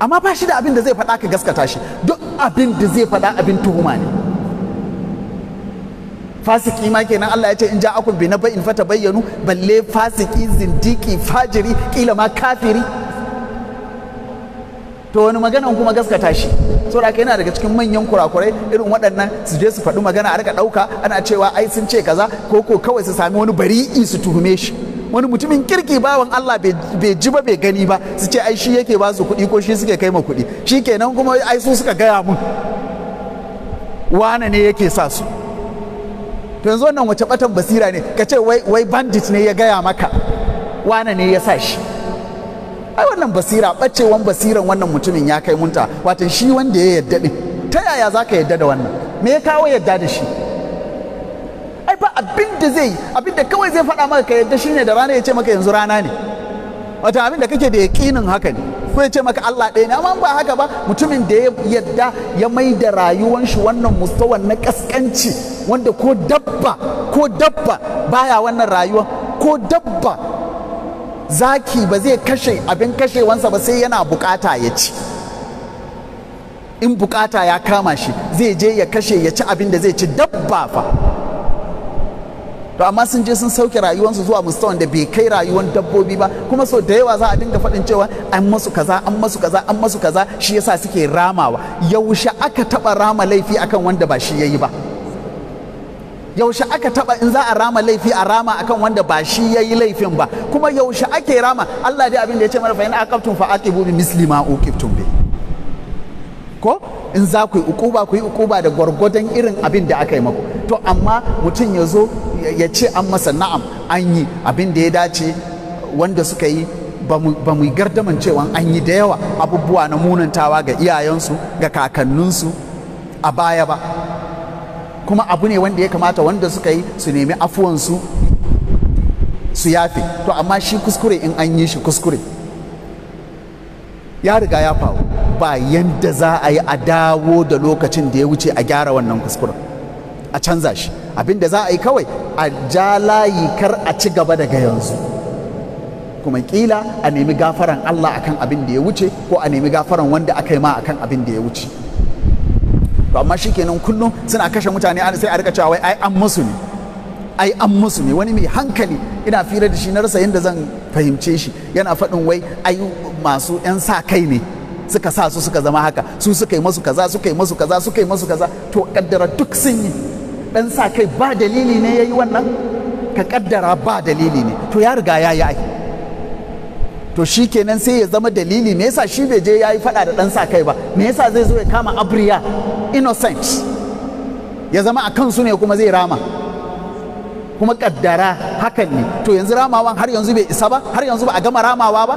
[SPEAKER 1] amma ba shi da abin da zai faɗa ka gaskata shi duk abin da zai faɗa abin tuhuma ne fasiki ma kenan Allah ya ce in ja akun bi na in fata bayyanu balle fasiki zindiki fajiri kila ma kafiri to wani maganan kuma gaskata shi saboda yana daga cikin manyan kurakurai irin waɗannan su je su faɗi magana a rika ɗauka ana cewa ai sun ce kaza ko ko kawai su sami wani bari'i su tuhume shi wani mutumin kirki bawan Allah bai ji ba bai gani ba su ce ai shi yake ba su kuɗi ko shi suke kai ma kuɗi shi kenan kuma ai su suka gaya mun wane ne yake sa su to yanzu wannan wace batan basira ne ka ce wai bandit ne ya gaya maka wane ne ya sa shi ai wannan basira bacewan basiran wannan mutumin ya kai munta wato shi wanda ya yadda ne ta yaya za ka yadda da wannan me ya kawo yadda da shi abin da zai abin da kawai zai faɗa maka ka yadda ne da rana ya ce maka yanzu rana ne wata abin da kake da yaƙinin haka ne ko ya ce maka Allah ɗaya ne amma ba haka ba mutumin da ya yadda ya mai da rayuwan shi wannan mustawan na ƙasƙanci, wanda ko dabba ko dabba baya wannan rayuwa ko dabba zaki ba zai kashe abin kashewansa ba sai yana bukata ya ci in bukata ya kama shi zai je ya kashe ya ci abin da zai ci dabba fa to amma sun je sun sauke rayuwansu zuwa mustawan da bai kai rayuwan dabbobi ba kuma so da yawa za a dinga faɗin cewa an masu kaza an masu kaza an masu kaza shi yasa suke ramawa yaushe aka taɓa rama laifi akan wanda ba shi yayi ba yaushe aka taba in za a rama laifi a rama akan wanda ba shi yayi laifin ba kuma yaushe ake rama Allah dai abin da ya ce mana fa in aqabtum fa bi misli ma bi ko in za ku yi ukuba ku yi ukuba da gwargwadon irin abin da aka yi maku to amma mutum ya zo ya ce an masa na'am an yi abin da ya dace wanda suka yi ba mu gardaman cewa an yi da yawa abubuwa na munantawa ga iyayensu ga kakanninsu a baya ba kuma abu ne wanda ya kamata wanda suka yi su nemi afuwansu su yafe to amma shi kuskure in an yi shi kuskure ya riga ya faru ba yanda za a yi a dawo da lokacin da ya wuce a gyara wannan kuskuren a canza shi abin da za a yi kawai a ja layi kar a ci gaba daga yanzu kuma kila a nemi gafaran Allah akan abin da ya wuce ko a nemi gafaran wanda aka yi ma akan abin da ya wuce to amma shikenan kullum suna kashe mutane sai a rika cewa wai ai an musu ne ai an musu ne wani mai hankali ina fira da shi na rasa yadda zan fahimce shi yana faɗin wai ai masu 'yan sa kai ne suka sa su suka zama haka su suka yi masu kaza suka yi masu kaza suka yi masu kaza to kaddara duk sun yi dan sa kai ba dalili ne yayi wannan ka kaddara ba dalili ne to ya riga ya yi to shi kenan sai ya zama dalili me yasa shi bai je ya yi fada da dan sa kai ba me yasa zai zo ya kama abriya innocent ya zama a kansu ne kuma zai rama kuma kaddara hakan ne to yanzu ramawan har yanzu bai isa ba har yanzu ba a gama ramawa ba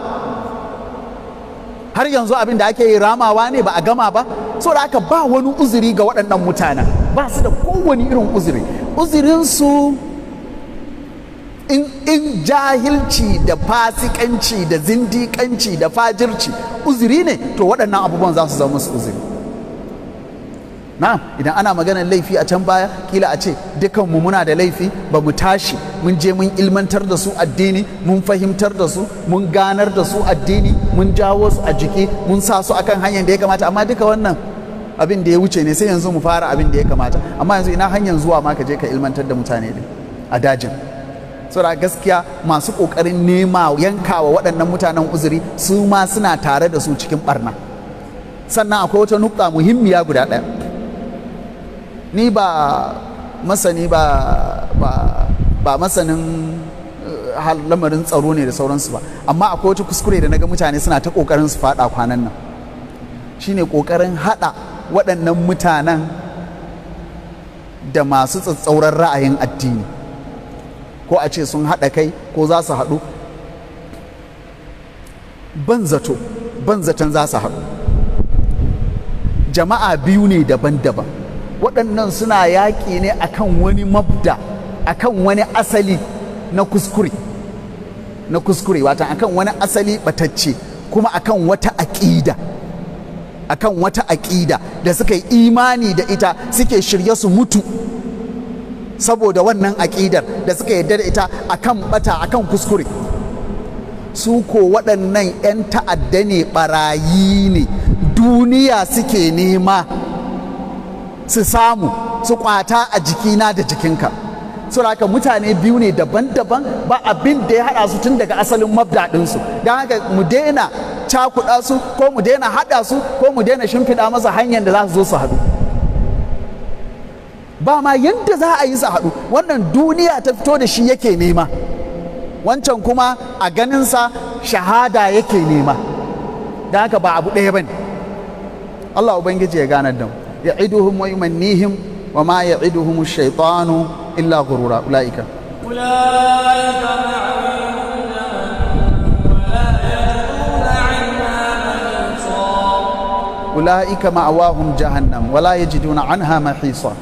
[SPEAKER 1] har yanzu abin da ake yi ramawa ne ba a gama ba so da aka ba wani uzuri ga waɗannan mutanen ba su da kowane irin uzuri uzurinsu in, in jahilci da fasikanci da zindikanci da fajirci uzuri ne to waɗannan abubuwan za su zama musu uzuri na'am idan ana maganar laifi a can baya kila a ce dukanmu muna da laifi ba mu tashi mun je mun ilmantar da su addini mun fahimtar da su mun ganar da su addini mun jawo su a jiki mun sa su akan hanyar da ya kamata amma duka wannan abin da ya wuce ne sai yanzu mu fara abin da ya kamata amma yanzu ina hanyar zuwa ma ka je ka ilmantar da mutane din a dajin saboda gaskiya masu kokarin nema yankawa waɗannan mutanen uzuri su ma suna tare da su cikin barna sannan akwai wata nukta muhimmiya guda ɗaya ni ba masani ba ba masanin eh, lamarin tsaro ne da sauransu ba amma akwai wata kuskure da naga mutane suna ta kokarin su fada kwanan nan shine kokarin hada waɗannan mutanen da masu tsatsauran ra'ayin addini ko a ce sun haɗa kai ko za su haɗu ban zato ban zaton za su haɗu jama'a biyu ne daban-daban waɗannan suna yaƙi ne akan wani mabda akan wani asali na kuskure na kuskure wata akan wani asali batacce kuma akan wata aƙida akan wata aƙida da suka yi imani da ita suke shirya su mutu saboda wannan aƙidar da suka yarda da ita akan bata akan kuskure su ko waɗannan 'yan ta'adda ne ɓarayi ne duniya suke nema su samu su kwata a jikina da jikinka saboda mutane biyu ne daban-daban ba abin da ya haɗa su tun daga asalin mabda ɗinsu don haka mu daina cakuɗa su ko mu daina haɗa su ko mu daina shimfiɗa masa hanyar da za su zo su haɗu ba ma yadda za a yi su haɗu wannan duniya ta fito da shi yake nema wancan kuma a ganinsa shahada yake nema don haka ba abu ɗaya ba ne Allah Ubangiji ya ganar da mu يعدهم ويمنيهم وما يعدهم الشيطان إلا غرورا أولئك أولئك أولئك مأواهم جهنم ولا يجدون عنها محيصا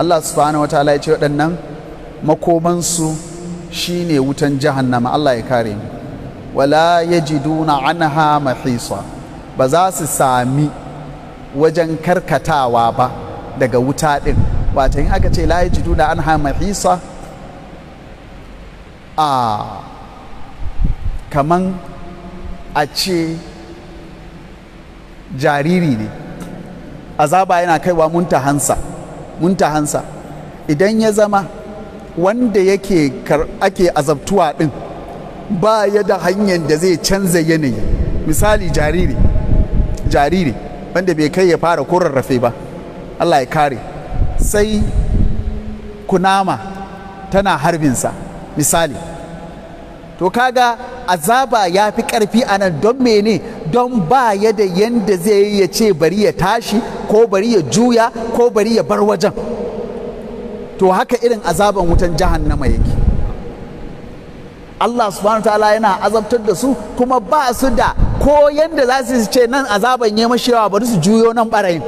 [SPEAKER 1] الله سبحانه وتعالى يقول لنا makomansu shine wutan jahannama Allah ya kare mu wala yajiduna anha mahisa ba wajen karkatawa ba daga wuta ɗin wata yin aka ce layi jidu da an hamahisa a kaman a ce jariri ne azaba yana kaiwa muntahansa muntahansa idan ya zama wanda yake ake azabtuwa ɗin ba ya da hanyar da zai canza yanayi misali jariri jariri wanda bai kai ya fara ko rarrafe ba Allah ya kare sai kunama tana harbinsa misali to kaga azaba ya fi ƙarfi a nan don mene don ba ya da yadda zai yi ya ce bari ya tashi ko bari ya juya ko bari ya bar wajen to haka irin azaban wutan jahannama yake Allah subhanahu wa ta'ala yana azabtar da su kuma ba su da ko yadda za su ce nan azaban ya mashi yawa bari su juyo nan barayin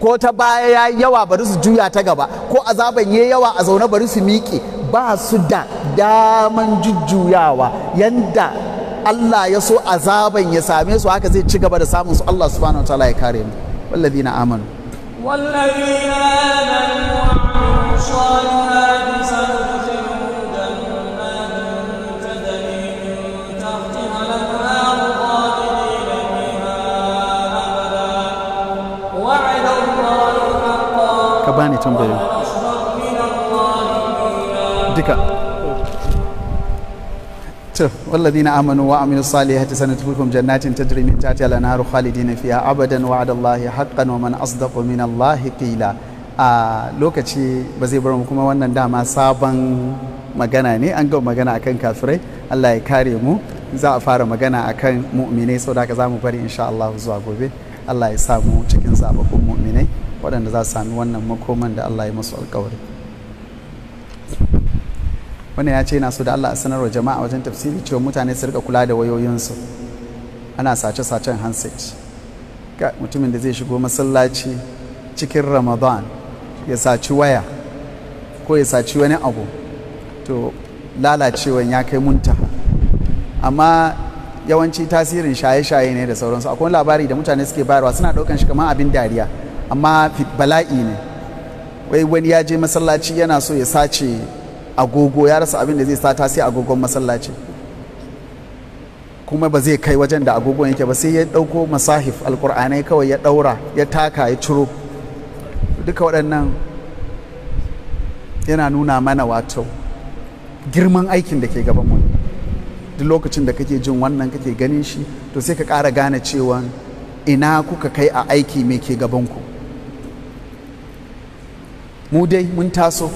[SPEAKER 1] ko ta baya ya yawa bari su juya ta gaba ko azaban ya yawa a zaune bari su miƙe ba su da daman jujjuyawa yadda Allah ya so azaban ya same su haka zai ci gaba da samun su Allah subhanahu wataala ya kare mu na amanu na amanu wa tambaye duka to walladina amanu wa amilu salihati sanadkhulukum jannatin tajri min tahtiha al-anharu khalidina fiha abadan wa'ada Allahi haqqan wa man asdaqu min Allahi qila a lokaci ba zai bar mu kuma wannan dama sabon magana ne an gama magana akan kafirai Allah ya kare mu za a fara magana akan mu'minai saboda haka zamu bari insha Allah zuwa gobe Allah ya samu cikin zababun mu'minai waɗanda za su sami wannan makoman da Allah ya masu alkawari wannan ya ce yana so da Allah a sanarwa jama'a wajen tafsiri cewa mutane su rika kula da wayoyinsu ana sace-sacen handset ga mutumin da zai shigo masallaci cikin ramadan ya saci waya ko ya saci wani abu to lalacewan ya kai munta amma yawanci tasirin shaye-shaye ne da sauransu akwai labari da mutane suke bayarwa suna ɗaukan shi kamar abin dariya amma bala'i ne wai wani ya je masallaci yana so ya sace agogo ya rasa abin da zai sata sai agogon masallaci kuma ba zai kai wajen da agogon yake ba sai ya dauko masahif alkur'anai kawai ya daura ya taka ya ciro duka waɗannan yana nuna mana wato girman aikin da ke gaban mu duk lokacin da kake jin wannan kake ganin shi to sai ka ƙara gane cewa ina kuka kai a aiki mai ke gabanku mu dai mun taso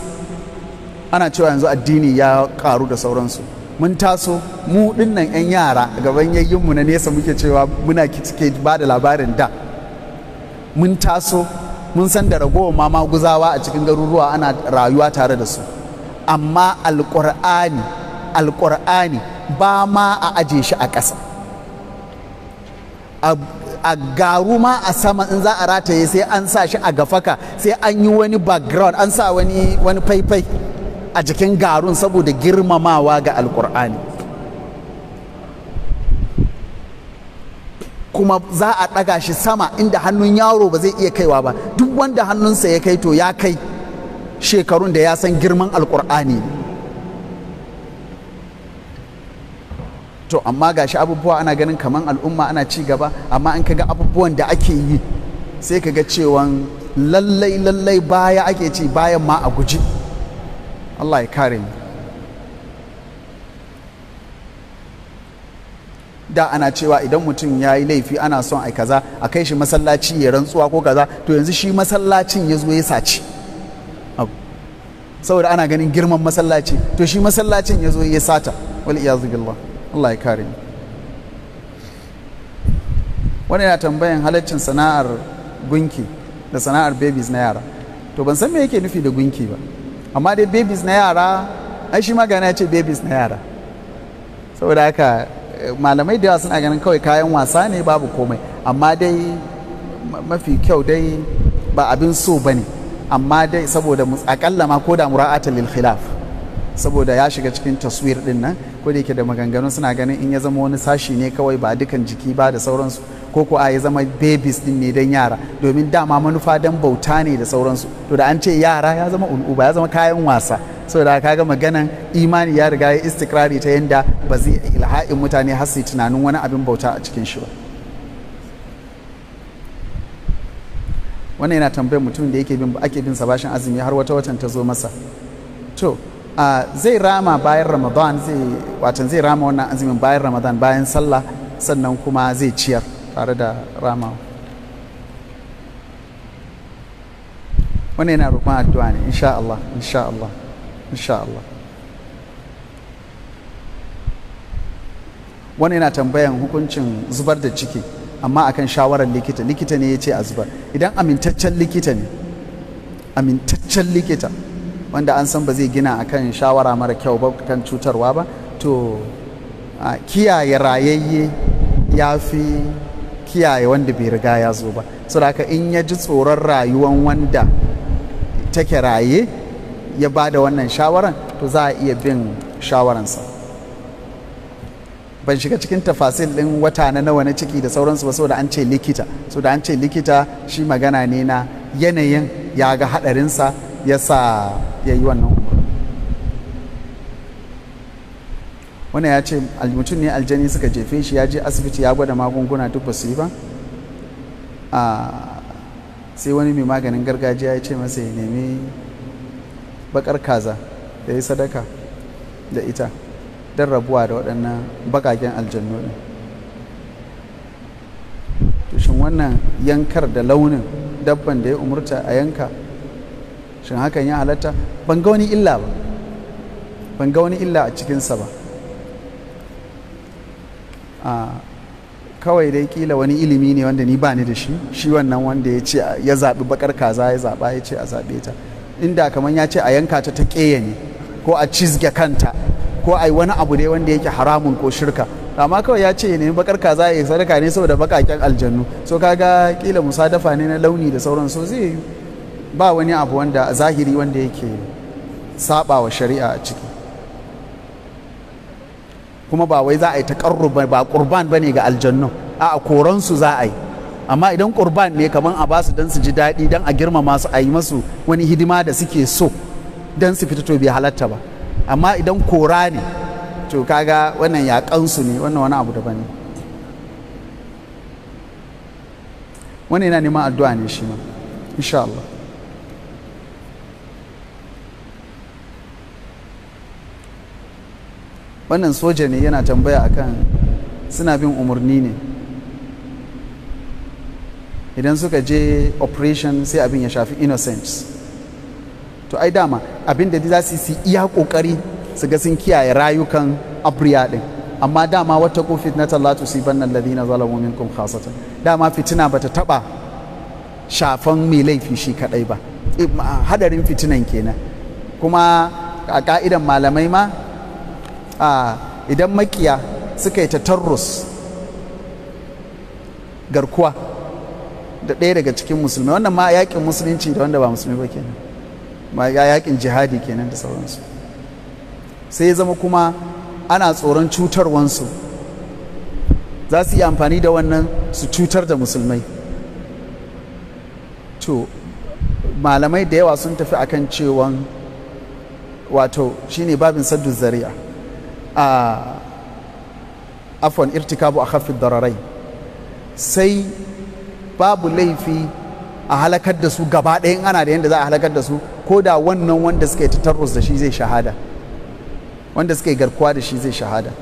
[SPEAKER 1] ana cewa yanzu addini ya karu da sauransu mun taso mu dinnan 'yan yara gaban yayyinmu na nesa muke cewa muna cike ba da labarin da mun taso mun san da ragowar ma maguzawa a cikin garuruwa ana rayuwa tare da su amma alƙur'ani alƙur'ani ba ma a aje shi a ƙasa a garu ma a sama in za a rataye sai an sa shi a gafaka sai an yi wani background an sa wani wani faifai a jikin garun saboda girmamawa ga alkur'ani kuma za a ɗaga shi sama inda hannun yaro ba zai iya kaiwa ba duk wanda hannunsa ya kai to ya kai shekarun da ya san girman alkur'ani to amma shi abubuwa ana ganin kaman al'umma ana ci gaba amma in ka ga abubuwan da ake yi sai ka ga cewa lallai lallai baya ake ci bayan ma a guji Allah ya kare ni da ana cewa idan mutum ya yi laifi ana son a kaza a kai shi masallaci ya rantsuwa ko kaza to yanzu shi masallacin ya zo ya saci saboda ana ganin girman masallaci to shi masallacin ya zo ya sata wal iyazu billah Allah ya kare mu wani yana tambayan halaccin sana'ar gunki da sana'ar babies na yara to ban san me yake nufi da gunki ba amma dai babies na yara ai shi magana ya ce babies na yara saboda haka eh, malamai da yawa suna ganin kawai kayan wasa ne babu komai amma dai mafi kyau dai ba abin so ba ne amma dai saboda akalla ma ko da mura'ata lil khilaf saboda ya shiga cikin taswir din nan ko da yake da maganganu suna ganin in ya zama wani sashi ne kawai ba dukan jiki ba da sauransu ko ko a ya zama babies din ne don yara domin dama manufa dan bauta ne da sauransu to da an ce yara ya zama ba ya zama kayan wasa saboda kaga maganan imani ya riga ya istikrari ta yadda ba zai ilha'in mutane har su tunanin wani abin bauta a cikin shi ba wannan yana tambayar mutum da yake ake bin sa azumi har wata watan ta zo masa to Ah, zai rama bayan ramadan zai watan zai rama wannan azumin bayan ramadan bayan sallah sannan kuma zai ciyar tare da rama Wani yana roƙon addu'a ne insha Allah insha Allah insha Allah wani yana tambayan hukuncin zubar da ciki amma akan shawarar likita likita ne ya ce a zubar idan amintaccen likita ne amintaccen likita wanda an san ba zai gina a kan shawara mara kyau ba kan cutarwa ba to kiyaye rayayye ya fi kiyaye wanda bai riga ya zo ba da haka in ya ji tsoron rayuwan wanda take raye ya ba da wannan shawaran to za a iya bin shawaransa ban shiga cikin tafasil ɗin wata na nawa na ciki da sauransu ba saboda an ce likita saboda an ce likita shi magana ne na yanayin ya ga haɗarinsa ya sa ya yi wannan umarni Wani ya ce mutum ne aljani suka jefe shi ya je asibiti ya gwada magunguna duk ba su yi ba sai wani mai maganin gargajiya ya ce masa ya nemi bakar kaza ya yi sadaka da ita don rabuwa da waɗannan bakaken aljannu ɗin shin wannan yankar da launin dabban da ya umurta a yanka shin hakan ya halatta ban ga wani illa ba ban ga wani illa a cikinsa ba kawai dai kila wani ilimi ne wanda ni bani da shi shi wannan wanda ya ce ya zaɓi bakar kaza ya zaɓa ya ce a zaɓe ta inda kamar ya ce a yanka ta ta ƙeya ne ko a cizge kanta ko a yi wani abu ne wanda yake haramun ko shirka amma kawai ya ce ya nemi bakar kaza ya sadaka ne saboda bakaken aljannu so kaga kila musadafa ne na launi da sauran so zai ba wani abu wanda zahiri wanda yake saba wa shari'a a ciki kuma ba wai za a yi ta ba kurban ba ne ga aljannu a koransu za a yi amma idan kurban ne kamar a basu don su ji daɗi don a girmama su a yi masu wani hidima da suke so don su fita to bai halatta ba amma idan kora ne to kaga wannan yaƙansu ne wannan wani abu daban ne wani yana neman addu'a ne shi ma insha Allah wannan soja ne yana tambaya akan suna bin umarni ne idan suka je operation sai abin ya shafi innocent, to ai dama abin da za su yi iya kokari su ga sun kiyaye rayukan abriya din amma dama wata ko fitnata la tusibanna alladhina zalamu minkum khasatan dama fitina bata taba shafan mai laifi shi kadai ba hadarin fitinan kenan kuma a ka'idan malamai ma idan makiya suka yi tatarrus garkuwa da ɗaya daga cikin musulmi wannan ma yakin musulunci da wanda ba musulmi ba kenan ma yakin jihadi kenan da sauransu sai ya zama kuma ana tsoron cutarwansu za su yi amfani da wannan su cutar da musulmai to malamai da yawa sun tafi akan cewan wato shine babin saddu zari'a a afon irtikabu a hafi dararai sai babu laifi a halakar da su gaba ɗayan ana da yadda za a halakar da su ko da wannan wanda suka yi tattarus da shi zai shahada wanda suka yi garkuwa da shi zai shahada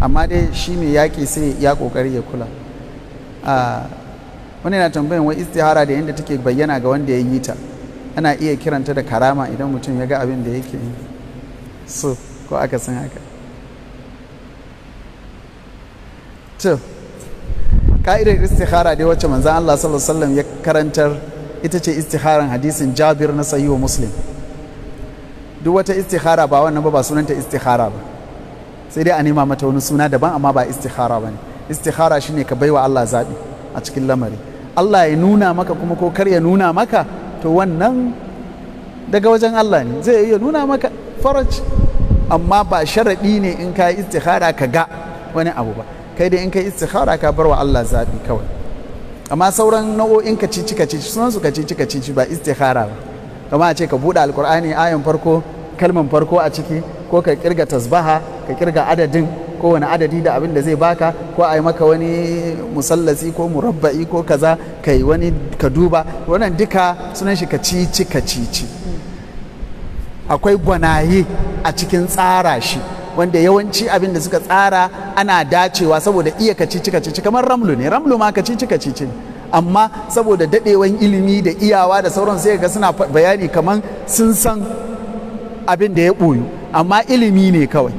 [SPEAKER 1] amma dai shi mai yaƙi sai ya ƙoƙari ya kula wani na tambayin wai istihara da yadda take bayyana ga wanda ya yi ta ana iya kiranta da karama idan mutum ya ga abin da yake yi so ko aka san haka to ka'idar istikhara dai wacce manzan Allah sallallahu alaihi wasallam ya karantar ita ce istikharan hadisin Jabir na wa Muslim duk wata istikhara ba wannan ba ba sunanta istikhara ba sai dai a nema mata wani suna daban amma ba istikhara ne. istikhara shine ka baiwa Allah zaɓi a cikin lamari Allah ya nuna maka kuma ko kar ya nuna maka to wannan daga wajen Allah ne zai iya nuna maka faraj amma ba sharaɗi ne in ka yi istikhara ka ga wani abu ba kai dai in ka yi istikhara ka bar wa Allah zaɓi kawai amma sauran nau'o'in ka cici ka cici sunan su ka cici ka cici ba istihara ba kamar a ce ka buɗe Alƙur'ani ayan farko kalman farko a ciki ko ka kirga tasbaha ka kirga adadin ko wani adadi da abin da zai baka ko a yi maka wani musallasi ko murabba'i ko kaza ka wani ka duba wannan duka sunan shi ka cici ka cici akwai gwanaye a cikin tsara shi wanda yawanci abin da suka tsara ana dacewa saboda iya kacici kacici kamar ramlu ne ramlu ma kacici kacici amma saboda dadewan ilimi da iyawa da sauran sai ga suna bayani kamar sun san abin da ya boyu amma ilimi ne kawai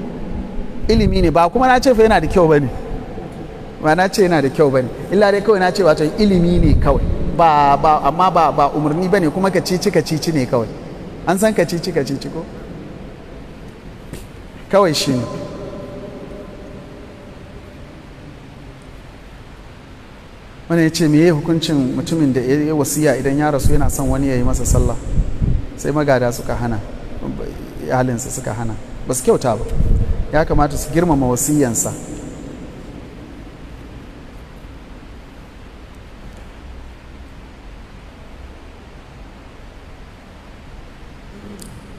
[SPEAKER 1] ilimi ne ba kuma na ce fa yana da kyau bane ba na ce yana da kyau bane illa dai kawai na ce wato ilimi ne kawai ba ba amma ba ba umarni bane kuma kacici kacici ne kawai an san kacici kacici ko kawai shi ne wani ya ce yi hukuncin mutumin da ya yi wasiya idan ya rasu yana son wani ya yi masa sallah sai magada suka hana halinsa suka hana ba su kyauta ba ya kamata su girmama wasiyansa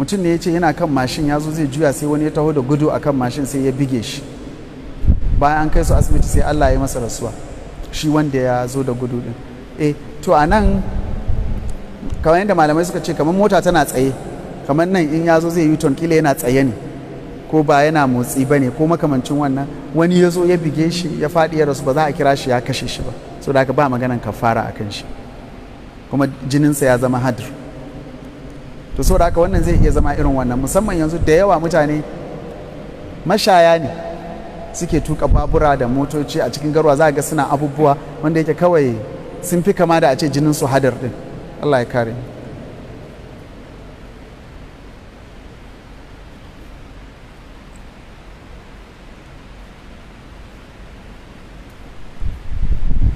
[SPEAKER 1] mutum ne ya ce yana kan mashin ya zo zai juya sai wani ya taho da gudu a kan mashin sai ya bige shi bayan an kai su asibiti sai allah ya masa rasuwa shi wanda ya zo da gudu din eh to a nan kamar yadda malamai suka ce kamar mota tana tsaye kamar nan in ya zo zai yi ton kila yana tsaye ne ko ba yana motsi ba ne ko makamancin wannan wani ya zo ya bige shi ya faɗi ya rasu ba za a kira shi ya kashe shi ba so da haka ba maganan kafara a kan shi kuma jininsa ya zama hadir to da haka wannan zai iya zama irin wannan musamman yanzu da yawa mutane mashaya ne suke tuka babura da motoci a cikin garwa za ga suna abubuwa wanda yake kawai sun fi kama da a ce jinin su hadar din Allah ya kare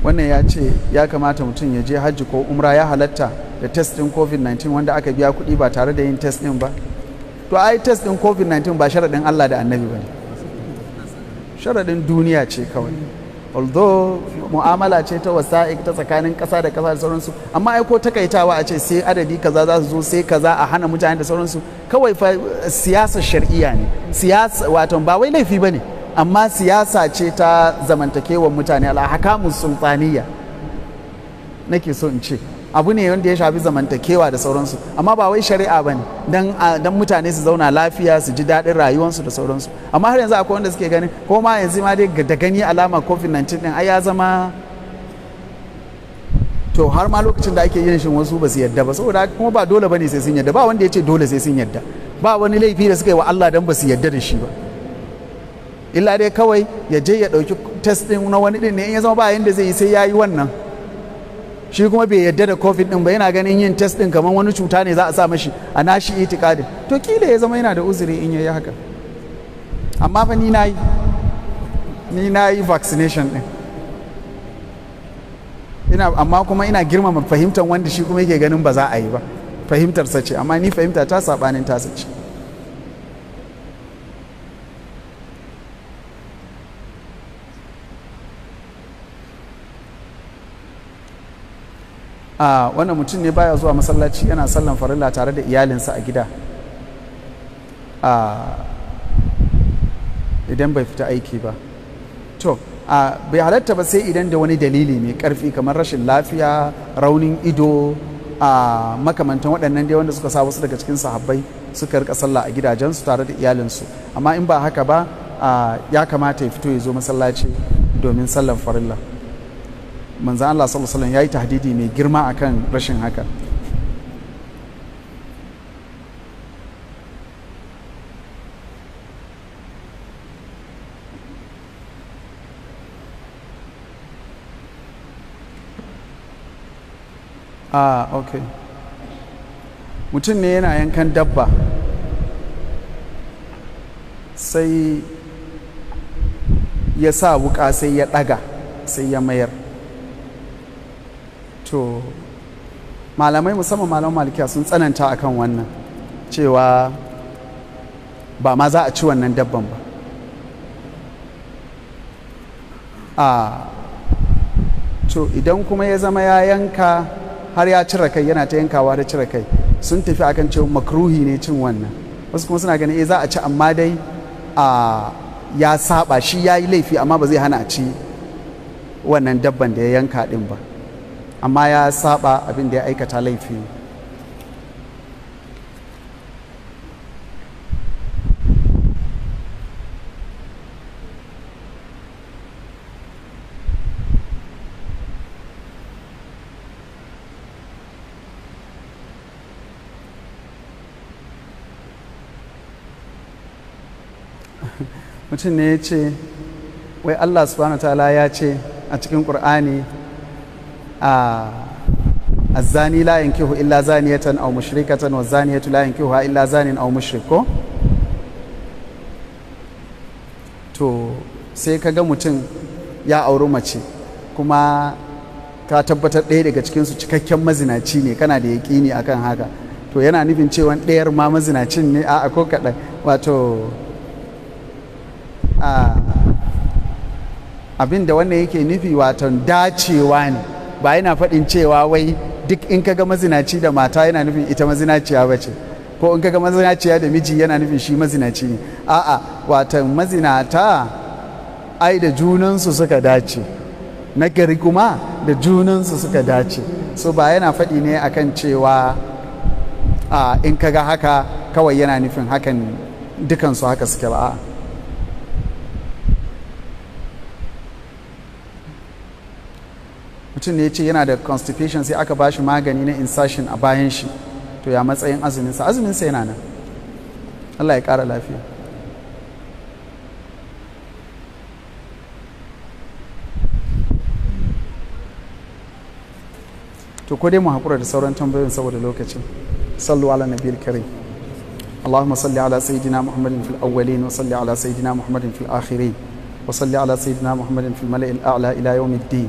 [SPEAKER 1] wannan ya ce ya kamata mutum ya je hajji ko umra ya halatta da test din covid-19 wanda aka biya kuɗi ba tare da yin test din ba to ai test din covid-19 ba sharaɗin allah da annabi ba ne sharaɗin duniya ce kawai although mu'amala ce ta wasa'ik ta tsakanin ƙasa da ƙasa da sauransu amma ai ko takaitawa a ce sai adadi kaza za su zo sai kaza a hana mutane da sauransu kawai fa siyasar shar'iyya ne siyasa wato ba wai laifi ba ne amma siyasa ce ta zamantakewar mutane alhakamun sultaniya nake so in ce abu ne wanda ya shafi zamantakewa da sauransu amma ba wai shari'a ba ne don mutane su zauna lafiya su ji daɗin rayuwarsu da sauransu amma har yanzu akwai wanda suke ganin ko ma yanzu ma dai da gani alama covid 19 din ai ya zama to har ma lokacin da ake yin shin wasu ba su yadda ba saboda kuma ba dole bane sai sun yadda ba wanda ya ce dole sai sun yadda ba wani laifi da suka yi wa Allah dan ba su yadda da shi ba illa dai kawai ya je ya ɗauki test ɗin na wani ɗin ne in ya zama ba yanda zai yi sai ya yi wannan shi kuma bai yadda da covid din ba yana ganin yin test din kamar wani cuta ne za a sa mashi a nashi itikadin to kila ya zama yana da uzuri in yayi haka amma fa ni na yi ni na yi vaccination din ina amma kuma ina girmama fahimtar wanda shi kuma yake ganin ba za a yi ba fahimtar sace amma ni fahimta ta sabanin ta sace. a wannan mutum ne baya zuwa masallaci yana sallan farilla tare da iyalinsa a gida idan bai fita aiki ba to bai halatta ba sai idan da wani dalili mai karfi kamar rashin lafiya raunin ido a makamantan waɗannan dai wanda suka sa wasu daga cikin sahabbai suka rika sallah a gidajensu tare da iyalinsu amma in ba haka ba ya kamata ya fito ya zo masallaci domin sallan farilla manzo Allah sallallahu alaihi wasallam yayi tahdidi mai girma akan rashin haka ah okay mutum ne yana yankan dabba sai ya sa wuka sai ya ɗaga sai ya mayar to malamai musamman malaman malikiya sun tsananta akan wannan cewa ba ma za a ci wannan dabban ba a to idan kuma ya zama ya yanka har ya cire kai yana ta yankawa da cire kai sun tafi akan cewa makruhi ne cin wannan wasu kuma suna ganin eh za a ci amma dai a ya saba shi ya yi laifi amma ba zai hana a ci wannan dabban da ya yanka din ba amma ya saba abin da ya aikata laifi mutum ne ya ce wai allah subhanahu wa ta'ala ya ce a cikin ƙur'ani الزاني لا ينكه إلا زانية أو مشركة والزانية لا ينكهها illa زان أو مشرك to sai ka ga mutum ya auri mace kuma ka tabbatar ɗaya daga cikinsu cikakken mazinaci ne kana da yaƙini akan haka to yana nufin cewa ɗayar ma mazinacin ne a ko kaɗan wato ah, abin da wannan yake nufi wato dacewa ne ba yana faɗin cewa wai duk in kaga mazinaci da mata yana nufin ita mazinaciya ba ce ko in kaga mazinaciya da miji yana nufin shi mazinaci ne a'a watan mazinata ai da junansu suka dace na gari kuma da junansu suka dace so ba yana faɗi ne akan cewa a in kaga haka kawai yana nufin hakan dukansu haka suke ba a'a mutum ne ya ce yana da constipation sai aka bashi magani na insertion a bayan shi to ya matsayin azuminsa azuminsa yana nan Allah ya ƙara lafiya to ko dai mu haƙura da sauran tambayoyin saboda lokacin sallu ala nabiyil kare اللهم صل على سيدنا محمد في الأولين وصل على سيدنا محمد في الآخرين وصل على سيدنا محمد في الملأ الأعلى إلى يوم الدين